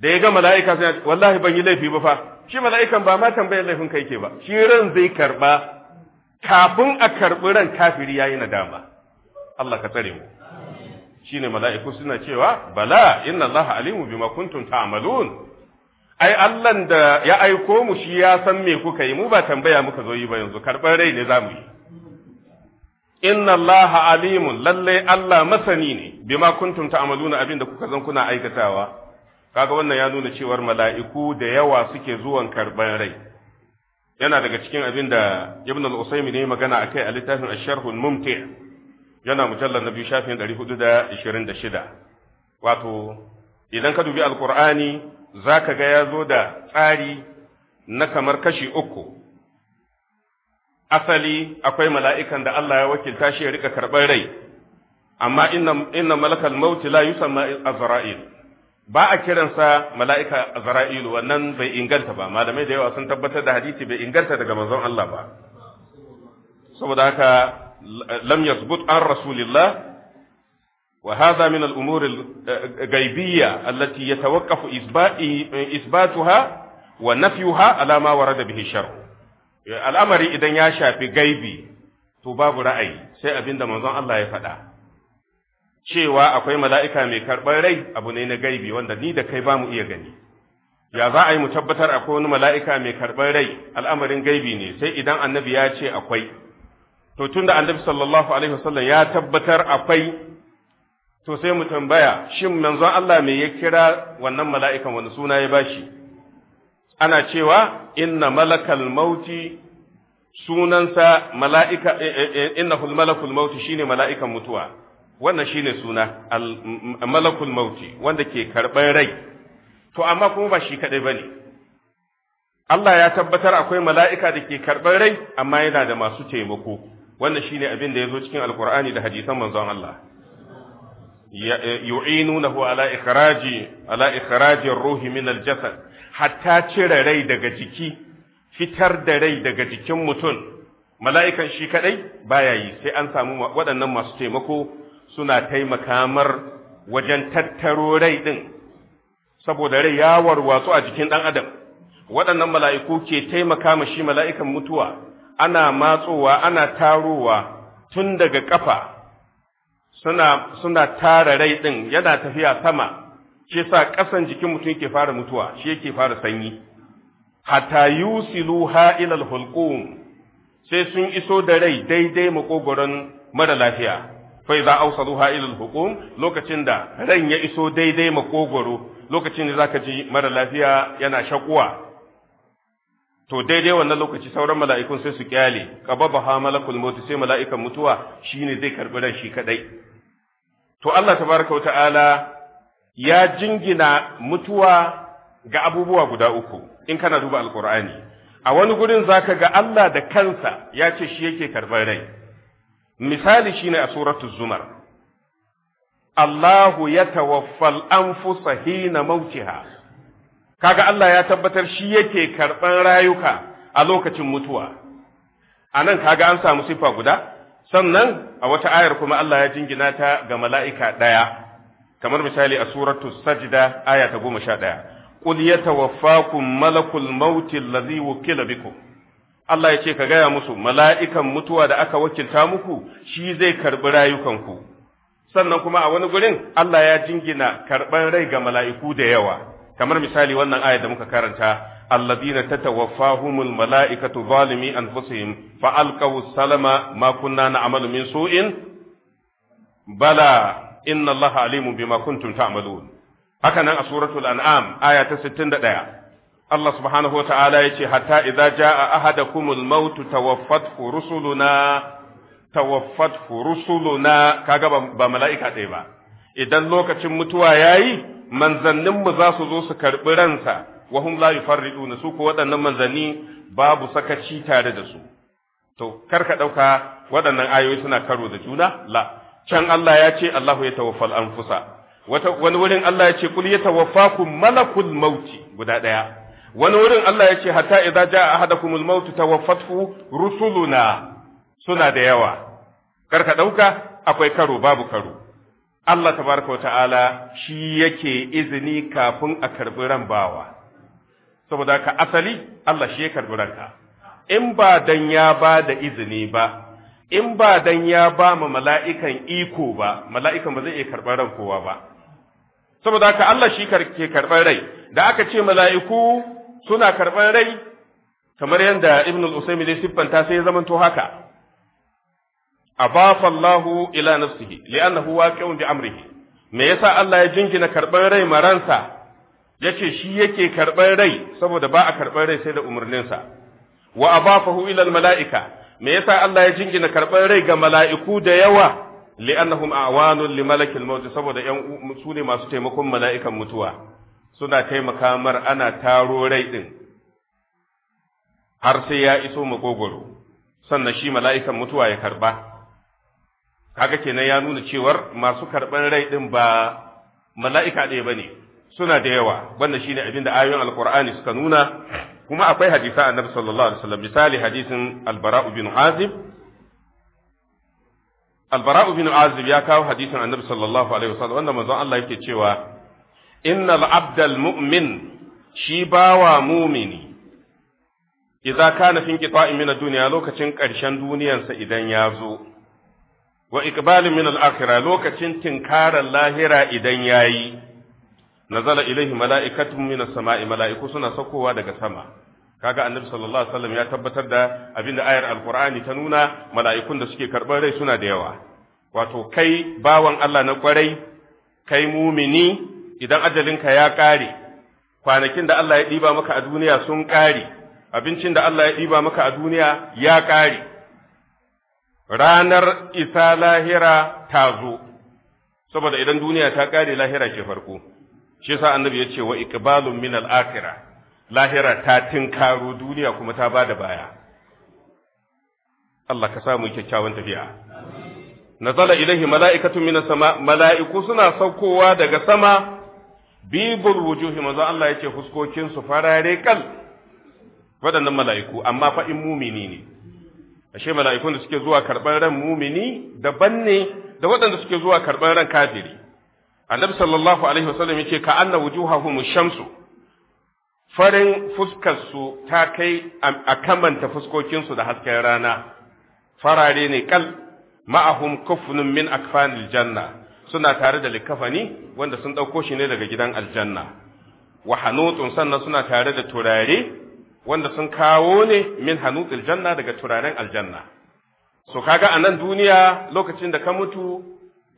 da ya ga mala'ika sai wallahi ban yi laifi ba fa shi mala'ikan ba ma tambayar laifin kai ke ba shi ran zai karɓa kafin a karɓi ran kafiri ya yayi nadama Allah ka tsare mu Shi ne mala'iku suna cewa bala inna Allah alimu bima ta ta'malun ai Allah da ya aiko mu shi ya san me kuka yi mu ba tambaya muka zo yi ba yanzu karɓar rai ne za mu yi inna Allah alimun lallai Allah masani ne bima kuntum abin da kuka zan kuna aikatawa kaga wannan ya nuna cewar mala'iku da yawa suke zuwan karban rai yana daga cikin abin da ibn al ne magana akai a littafin al sharh al-mumti yana mujallal nabi shafin 426 wato idan ka dubi za zaka ga ya zo da tsari na kamar kashi uku asali akwai mala'ikan da Allah ya wakilta shi ya rika karban rai amma inna malakal mauti la yusamma azra'il ba a kiransa mala'ika azra'ilu wannan bai inganta ba malamai da yawa sun tabbatar da hadisi bai inganta daga manzon Allah ba saboda haka lam yasbut an rasulillah wa hadha min al-umur al-ghaibiyya allati yatawaqqafu isbatuha wa nafyuha ala ma warada bihi shar al'amari idan ya shafi gaibi to babu ra'ayi sai abinda manzon Allah ya faɗa cewa akwai mala'ika mai karɓar rai abu ne na gaibi wanda ni da kai ba mu iya gani. Ya za a yi mu tabbatar akwai wani mala'ika mai karɓar rai al'amarin gaibi ne sai idan annabi ya ce akwai. To tun da annabi sallallahu Alaihi wasallam ya tabbatar akwai, to sai mu tambaya, shin manzon Allah mai ya kira wannan mala'ikan wani suna ya bashi? Ana cewa, inna malakal mauti sunansa mala'ika, eh, eh, eh, inna malakul mauti shine mala'ikan mutuwa. wannan shine suna malakul mauti wanda ke karɓar rai to amma kuma ba shi kaɗai bane Allah ya tabbatar akwai mala'ika da ke karɓar rai amma yana da masu taimako wannan shine abin da ya zo cikin alkur'ani da hadisan manzon Allah yu'inunahu ala ikhraji ala ikhraji ruhi min aljasad hatta cire rai daga jiki fitar da rai daga jikin mutum mala'ikan shi kaɗai baya yi sai an samu waɗannan masu taimako suna taimaka wajen tattaro rai ɗin, saboda rai ya warwatsu a jikin ɗan adam. Waɗannan mala'iku ke taimaka ma shi mala'ikan mutuwa, ana matsowa, ana tarowa tun daga ƙafa, suna, suna tara rai ɗin yana tafiya sama, shi sa ƙasan jikin mutum yake fara mutuwa, shi yake fara sanyi. Hata yusiluha ilal hulqum sai sun iso da rai daidai makogoron mara lafiya. fa za ausa ila al lokacin da ran ya iso daidai makogoro lokacin da zaka ji mara lafiya yana shakuwa to daidai wannan lokaci sauran mala'ikun sai su kyale ha malakul maut sai mala'ikan mutuwa shine zai karbi ran shi kadai to Allah tabaaraka wa ta'ala ya jingina mutuwa ga abubuwa guda uku in kana duba alqur'ani a wani gurin zaka ga Allah da kansa ya ce shi yake karban rai misali shine a suratu zumar Allahu ya tawaffal anfusa hina mautiha kaga Allah ya tabbatar shi yake karɓan rayuka a lokacin mutuwa a nan kaga an samu sifa guda sannan a wata ayar kuma Allah ya jingina ta ga mala'ika ɗaya kamar misali a suratu sajida aya ta goma sha ɗaya قل ku, malakul mautin lazi wukila, بكم Allah ya ce ka gaya musu mala'ikan mutuwa da aka wakilta muku shi zai karɓi rayukanku sannan kuma a wani gurin Allah ya jingina karɓan rai ga mala'iku da yawa kamar misali wannan aya da muka karanta alladina tatawaffahumul mala'ikatu zalimi anfusihim fa alqaw salama makunna na na'malu min su'in bala inna Allah alimun bima kuntum ta'malun haka nan a suratul an'am aya ta 61 Allah subhanahu wa ta'ala ya ce, Hatta idza ja'a ahadakumul mautu tawaffat rusuluna, tawaffat rusuluna, kaga ba mala'ika ɗaya ba, idan lokacin mutuwa yayi yi, manzanninmu za su zo su karɓi ransa, wahum la ɗuna su ko waɗannan manzanni babu sakaci tare da su. To, ka ɗauka waɗannan ayoyi suna karo da juna, la, can Allah ya ce, Allahu ya tawaffal anfusa. Wani wurin Allah ya ce, Kul ya ku malakul mauti guda ɗaya. wani wurin Allah ya ce hatta idza jaa ahadakumul maut tawaffathu rusuluna suna da yawa kar ka dauka akwai karo babu karo Allah Ta wa ta'ala shi yake izini kafin a karbi ran bawa saboda ka asali Allah shi ya karbi ranka in ba dan ya ba da izini ba in ba dan ya ba ma mala'ikan iko ba mala'ikan ba zai iya karbar ran kowa ba saboda ka Allah shi ke karɓar rai da aka ce mala'iku suna karɓar rai kamar yadda ibn al-usaymi dai siffanta sai ya zamanto haka abafa Allahu ila nafsihi li'annahu waqi'un bi amrihi me yasa Allah ya jingina karɓar rai maransa yace shi yake karɓar rai saboda ba a karɓar rai sai da sa wa abafahu ila al-mala'ika me yasa Allah ya jingina karɓar rai ga mala'iku da yawa li'annahum awanun li malakil maut saboda yan su ne masu taimakon mala'ikan mutuwa suna taimaka mar ana taro rai ɗin har sai ya iso makogoro sannan shi mala'ikan mutuwa ya karɓa kaga kenan ya nuna cewar masu karɓar rai ɗin ba mala'ika ɗaya ba ne suna da yawa wannan shine abin da ayoyin alkur'ani suka nuna kuma akwai hadisa annabi sallallahu alaihi wasallam misali hadisin albara'u bin azib albara'u bin azib ya kawo hadisin annabi sallallahu alaihi wasallam wanda manzon Allah yake cewa innal abdal mu'min shi bawa mumini Iza kana fi inqita'in duniya ad-dunya lokacin ƙarshen duniyarsa idan ya zo wa iqbalin min al lokacin tinkarar lahira idan yayi nazala ilaihi mala'ikatun min samai mala'iku suna saukowa daga sama kaga annabi sallallahu alaihi wasallam ya tabbatar da abinda ayar alqur'ani ta nuna mala'ikun da suke karban rai suna da yawa wato kai bawan Allah na kwarai kai mumini idan ajalinka ya ƙare kwanakin da Allah ya ɗiba maka a duniya sun ƙare abincin da Allah ya ɗiba maka a duniya ya ƙare ranar isa lahira ta zo saboda idan duniya ta ƙare lahira ke farko shi yasa annabi ya ce wa iqbalun min al-akhirah lahira ta tinkaro duniya kuma ta bada baya Allah ka samu kyakkyawan tafiya nazala ilaihi mala'ikatu minas sama mala'iku suna saukowa daga sama bibul wujuhi manzo Allah yace huskokin su farare kal waɗannan mala'iku amma fa in mumini ne ashe mala'ikun da suke zuwa karban ran mumini daban ne da waɗanda suke zuwa karban ran kafiri annabi sallallahu alaihi wasallam yace ka anna wujuhahum shamsu farin fuskar su ta kai a kamanta fuskokin su da hasken rana farare ne kal ma'ahum kufnun min akfanil janna suna tare da likafani wanda sun ɗauko shi ne daga gidan aljanna wa hanutun sannan suna tare da turare wanda sun kawo ne min hanutul janna daga turaren aljanna so kaga a nan duniya lokacin da ka mutu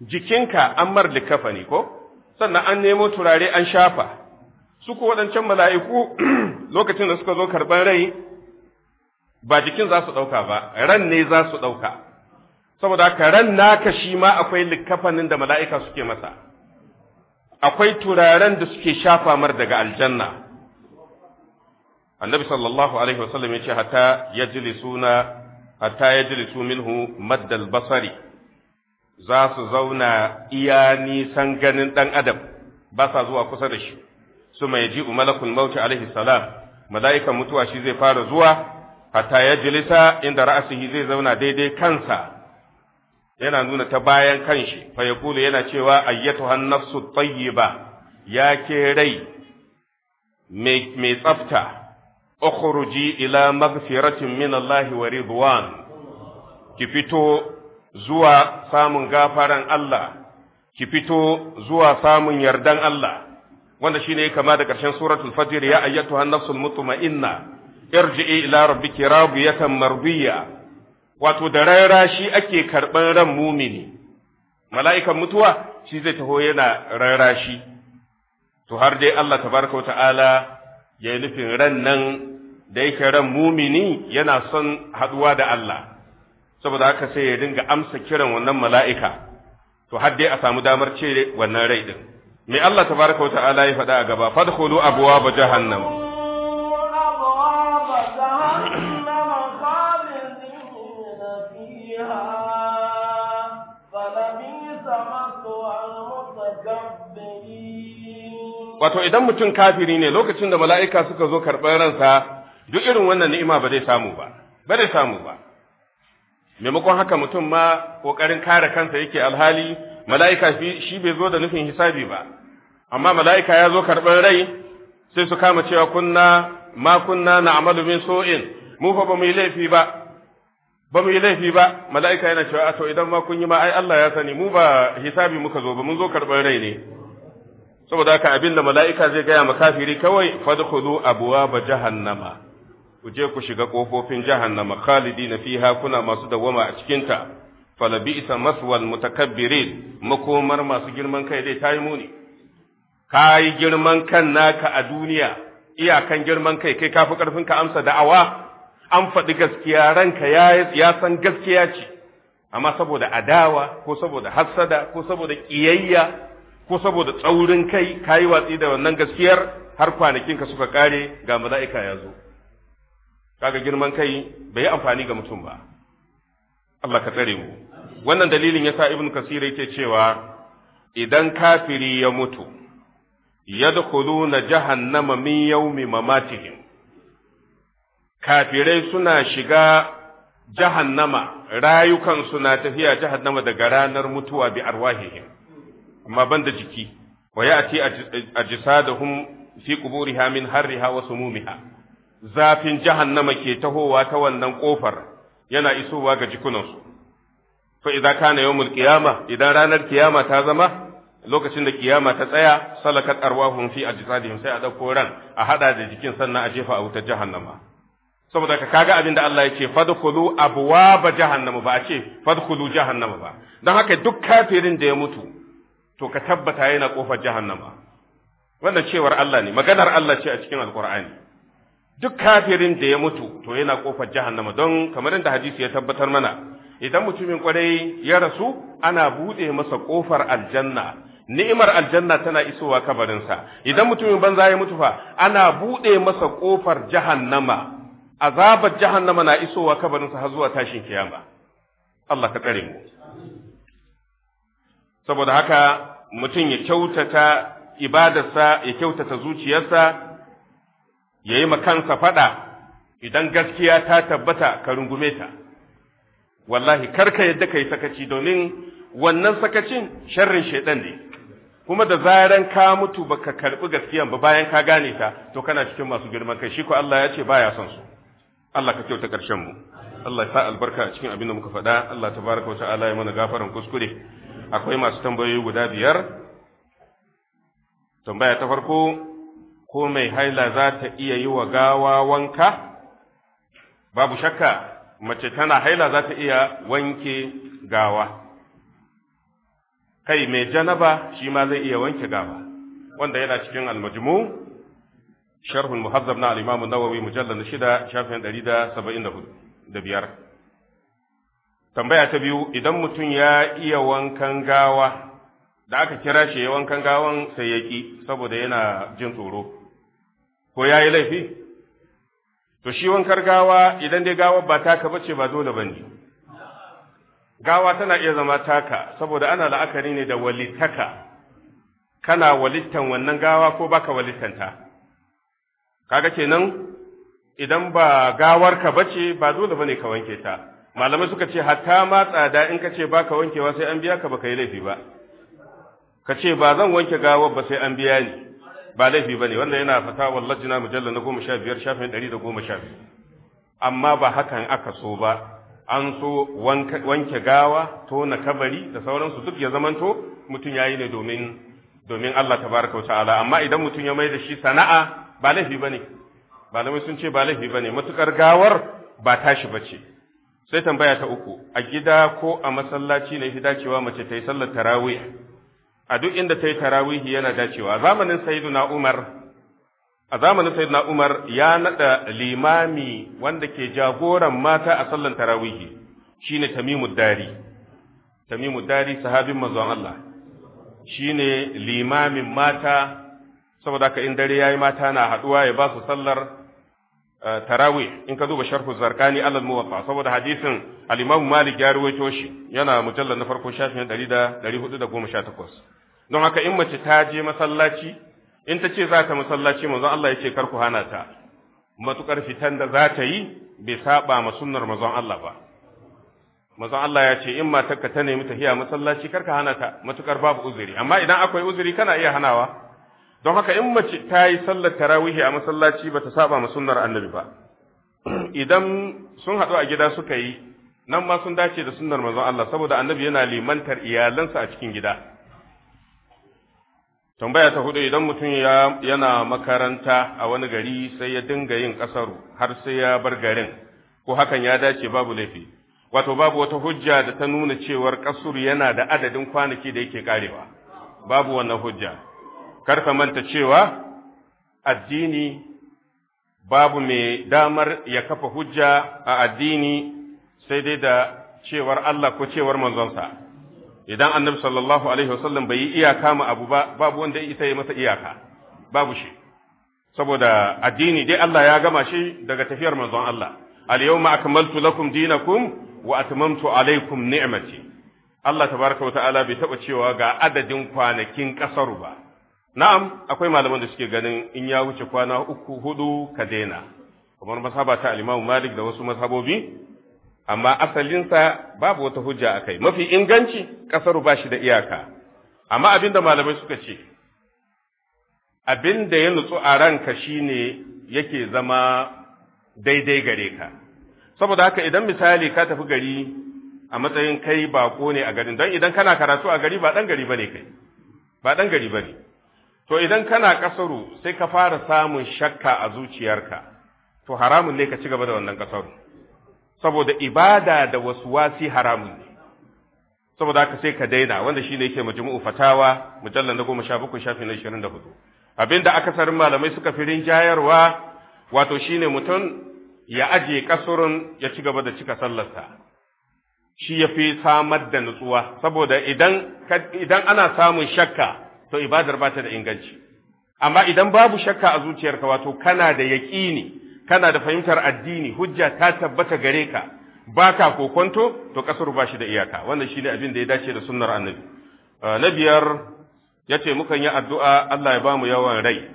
jikinka an mar likafani ko sannan an nemo turare an shafa su ko wadancan mala'iku (clears throat) lokacin da suka zo karban rai ba jikin za su ɗauka ba ran ne za su ɗauka saboda karen naka shi ma akwai likkafanin da mala'ika suke masa akwai turaren da suke shafa mar daga aljanna annabi sallallahu alaihi wasallam ya ce hatta yajlisuna hatta yajlisu minhu maddal basari za su zauna iya nisan ganin ɗan adam ba sa zuwa kusa da shi su mai ji malakul mauti alaihi salam mala'ikan mutuwa shi zai fara zuwa hatta ya inda ra'asihi zai zauna daidai kansa yana nuna ta bayan kanshi fa yana cewa ayyatuha an tayyiba ya ke rai mai tsafta ukhruji ila maghfiratin min Allah wa ridwan ki fito zuwa samun gafaran Allah ki fito zuwa samun yardan Allah wanda shine kama da ƙarshen suratul fajr ya ayyatuha an mutma'inna irji'i ila rabbiki radiyatan mardiyya wato da shi ake karɓan ran mumini mala'ikan mutuwa shi zai taho yana shi, to har dai Allah tabaraka wa ta'ala ya nufin ran nan da yake ran mumini yana son haɗuwa da Allah saboda haka sai ya dinga amsa kiran wannan mala'ika to har dai a samu damar cire wannan rai ɗin. me Allah tabaraka wa ta'ala ya faɗa a gaba fadkhulu abwaaba jahannam wato idan mutum kafiri ne lokacin da mala'ika suka zo karɓar ransa duk irin wannan ni'ima ba zai samu ba ba zai samu ba maimakon haka mutum ma ƙoƙarin kare kansa yake alhali mala'ika shi bai zo da nufin hisabi ba amma mala'ika ya zo karɓar rai sai su kama cewa kunna ma kunna na amalu min so'in mu fa ba mu yi laifi ba ba mu yi laifi ba mala'ika yana cewa a to idan ma kun yi ma ai Allah ya sani mu ba hisabi muka zo ba mun zo karɓar rai ne saboda haka abin da mala'ika zai gaya makafiri kawai abuwa ba jahannama ku je ku shiga kofofin jahannama khalidina fiha kuna masu dawama a cikin ta falabi'sa maswal mutakabbirin makomar masu girman kai dai tayi muni kai girman kan naka a duniya iyakan girman kai kai kafi karfin ka amsa da'awa an faɗi gaskiya ranka ya ya san gaskiya ce amma saboda adawa ko saboda hassada ko saboda ƙiyayya. ko saboda tsaurin kai ka yi watsi da wannan gaskiyar har kwanakin ka suka kare ga mala'ika ya zo kaga girman kai bai yi amfani ga mutum ba Allah ka tsare mu wannan dalilin yasa ibn kasir yake cewa idan kafiri ya mutu yadkhuluna jahannama min yawmi mamatihim kafirai suna shiga jahannama rayukansu na tafiya jahannama daga ranar mutuwa bi arwahihim amma ban da jiki wa ya ya'ti ajsadahum fi quburiha min harriha wa sumumiha zafin jahannama ke tahowa ta wannan kofar yana isowa ga jikunansu fa idza kana yawmul qiyama idan ranar kiyama ta zama lokacin da kiyama ta tsaya salakat arwahum fi ajsadihim sai a dauko ran a hada da jikin sannan a jefa a wutar jahannama saboda ka kaga abin da Allah ya ce fadkhulu abwaba jahannama ba a ce fadkhulu jahannama ba dan haka duk kafirin da ya mutu to ka tabbata yana kofar jahannama wannan cewar Allah ne maganar Allah ce a cikin alkur'ani duk kafirin da ya mutu to yana kofar jahannama don kamar inda hadisi ya tabbatar mana idan mutumin kwarai ya rasu ana bude masa kofar aljanna ni'imar aljanna tana isowa kabarinsa idan mutumin banza ya mutu fa ana bude masa kofar jahannama azabar jahannama na isowa kabarinsa har zuwa tashin kiyama Allah ka tsare mu saboda haka mutum ya kyautata ibadarsa ya kyautata zuciyarsa ya yi kansa faɗa idan gaskiya ta tabbata ka rungume ta wallahi karka yadda ka yi sakaci domin wannan sakacin sharrin shaidan ne kuma da zaran ka mutu baka karɓi gaskiya ba bayan ka gane ta to kana cikin masu girman kai shi ko Allah ya ce baya son su Allah ka kyauta karshen mu Allah ya sa albarka a cikin abin da muka faɗa Allah tabaraka wa ta'ala ya mana gafaran kuskure akwai masu tambayoyi guda biyar tambaya ta farko ko mai haila za ta iya yi wa gawa wanka babu shakka mace tana haila za ta iya wanke gawa kai mai janaba shi ma zai iya wanke gawa wanda yana cikin almajimu, sharhun muhazzab na al nawawi mujallar nawawi shida shafin 174 biyar tambaya ta biyu idan mutum ya iya wankan gawa da aka kira shi wankan gawan sai ya ki saboda yana jin tsoro ko ya yi laifi to shi wankar gawa idan dai gawa ba taka bace ba dole ba gawa tana iya zama taka saboda ana la'akari ne da walittaka kana walittan wannan gawa ko baka walittanta kaga kenan idan ba gawarka bace ba dole bane ka wanke ta malamai suka ce hatta ma tsada in ka ce baka wankewa sai an biya ka baka yi laifi ba ka ce ba zan wanke gawa ba sai an biya ni ba laifi ba ne wanda yana fata lajina mujallar na goma sha biyar shafin ɗari da goma sha biyu amma ba hakan aka so ba an so wanke gawa tona kabari da sauransu duk ya zamanto mutum ya yi ne domin domin Allah tabaraka wa ta'ala amma idan mutum ya mai da shi sana'a ba laifi ba ne malamai sun ce ba laifi ba ne matukar gawar ba tashi ba ce sai tambaya ta uku a gida ko a masallaci ne fi dacewa mace ta yi sallar tarawih a duk inda ta yi tarawih yana dacewa zamanin sayyiduna umar a zamanin sayyiduna umar ya nada limami wanda ke jagoran mata a sallar tarawih shine tamimu dari tamimu dari sahabin manzon Allah shine limamin mata saboda haka in dare yayi mata na haduwa ya ba su sallar tarawi in ka duba sharhu zarkani alal muwatta saboda hadisin al-imam malik ya ruwaito shi yana mujallal na farko shafin 418 don haka in mace ta je masallaci in ta ce za ta masallaci manzo Allah yake kar ku hana ta matukar fitan da za ta yi bai saba ma sunnar manzo Allah ba manzo Allah ya ce in matarka ta nemi tahiya masallaci kar ka hana ta matukar babu uzuri amma idan akwai uzuri kana iya hanawa don haka in mace ta yi sallar tarawihi a masallaci ba ta saba ma sunnar annabi ba idan sun haɗu a gida suka yi nan ma sun dace da sunnar manzon Allah saboda annabi yana limantar iyalansa a cikin gida tambaya ta hudu idan mutum yana makaranta a wani gari sai ya dinga yin kasaru har sai ya bar garin ko hakan ya dace babu laifi wato babu wata hujja da ta nuna cewar kasuru yana da adadin kwanaki da yake karewa babu wannan hujja karfa manta cewa addini babu mai damar ya kafa hujja a addini sai dai da cewar Allah ko cewar manzonsa idan annabi sallallahu alaihi wasallam bai yi iyaka ma abu ba babu wanda isa ya masa iyaka babu shi saboda addini dai Allah ya gama shi daga tafiyar manzon Allah al yawma akmaltu lakum dinakum wa atmamtu alaikum ni'mati Allah tabaraka wa ta'ala bai taba cewa ga adadin kwanakin ƙasar ba na'am akwai malaman da suke ganin in ya wuce kwana uku hudu ka daina kamar masaba ta alimamu Malik da wasu masabobi, amma asalinsa babu wata hujja a kai. mafi inganci kasar ba shi da iyaka amma abin da malamai suka ce abin da ya nutsu a ranka shi ne yake zama daidai gare ka saboda haka idan misali ka tafi gari a matsayin kai bako ne a garin don idan kana karatu a gari ba ɗan gari ba ne kai ba ɗan gari ba ne. to idan kana kasaru sai ka fara samun shakka a zuciyarka to haramun ne ka ci gaba da wannan kasaru saboda ibada da wasu wasi haramun ne saboda haka sai ka daina wanda shi ne yake majmu'u fatawa mujallal na 17 shafi na 24 abinda sarin malamai suka fi rinjayarwa wato shine mutum ya aje kasurun ya ci gaba da cika sallarsa shi ya fi samar da nutsuwa saboda idan ana samun shakka to ibadar ba ta da inganci amma idan babu shakka a zuciyarka wato kana da yaƙini kana da fahimtar addini hujja ta tabbata gare ka baka kokonto to kasar ba shi da iyaka wannan shine abin da ya dace da sunnar annabi uh, na biyar yace mukan yi addu'a Allah ya bamu yawan rai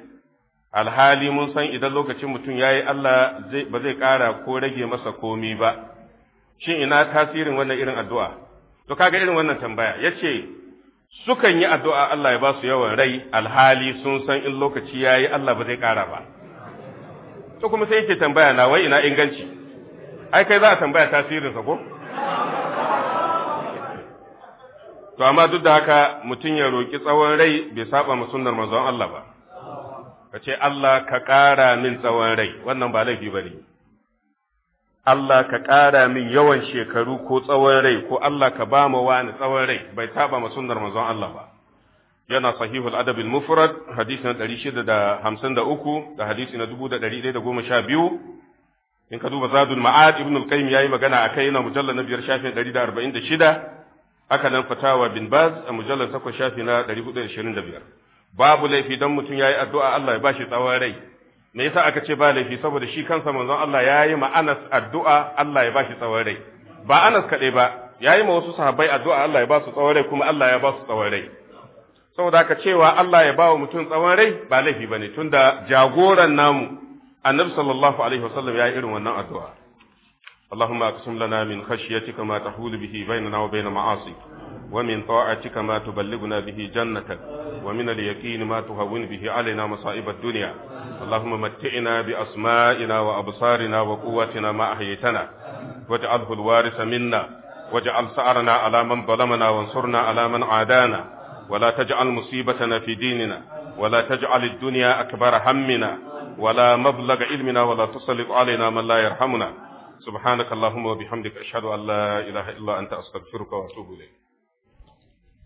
alhali mun san idan lokacin mutum yayi Allah ba zai ƙara ko rage masa komi ba shin ina tasirin wannan irin addu'a to kaga irin wannan tambaya yace sukan yi addu'a Allah ya ba su yawan rai alhali sun san in lokaci ya yi Allah ba zai ƙara ba. To kuma sai yake tambaya na wai ina inganci, ai kai za a tambaya tasirinsa ko? To amma duk da haka mutum ya roƙi tsawon rai bai saba ma sunnar manzon Allah ba. Ka Allah ka ƙara min tsawon rai, wannan ba laifi ba ne. Allah ka ƙara min yawan shekaru ko tsawon rai ko Allah ka ba mu wani tsawon rai bai taɓa ma sunnar manzon Allah ba yana sahihul adab al mufrad hadisi na ɗari shida da hamsin da da uku hadisi na dubu da da ɗari ɗaya goma sha biyu. in ka duba zadul ma'ad ibn al qayyim yayi magana a kai yana mujallal na biyar shafin ɗari da da arba'in shida. haka nan fatawa bin baz a mujallar takwas shafi na ɗari da da biyar. babu laifi don mutum yayi addu'a Allah ya bashi tsawon rai me yasa aka ce ba laifi saboda shi kansa manzon Allah ya yi ma Anas addu'a Allah ya bashi tsawon rai ba Anas kaɗai ba ya yi ma wasu sahabbai addu'a Allah ya ba su tsawon rai kuma Allah ya ba su tsawon rai saboda aka cewa Allah ya ba wa mutum tsawon rai ba laifi bane tunda jagoran namu annabi sallallahu alaihi wasallam ya yi irin wannan addu'a اللهم اقسم لنا من خشيتك ما تحول به بيننا وبين معاصيك ومن طاعتك ما تبلغنا به جنتك ومن اليقين ما تهون به علينا مصائب الدنيا اللهم متئنا بأسمائنا وأبصارنا وقوتنا ما أحييتنا واجعله الوارث منا واجعل سعرنا على من ظلمنا وانصرنا على من عادانا ولا تجعل مصيبتنا في ديننا ولا تجعل الدنيا أكبر همنا ولا مبلغ علمنا ولا تسلط علينا من لا يرحمنا سبحانك اللهم وبحمدك أشهد أن لا إله إلا أنت أستغفرك وأتوب إليك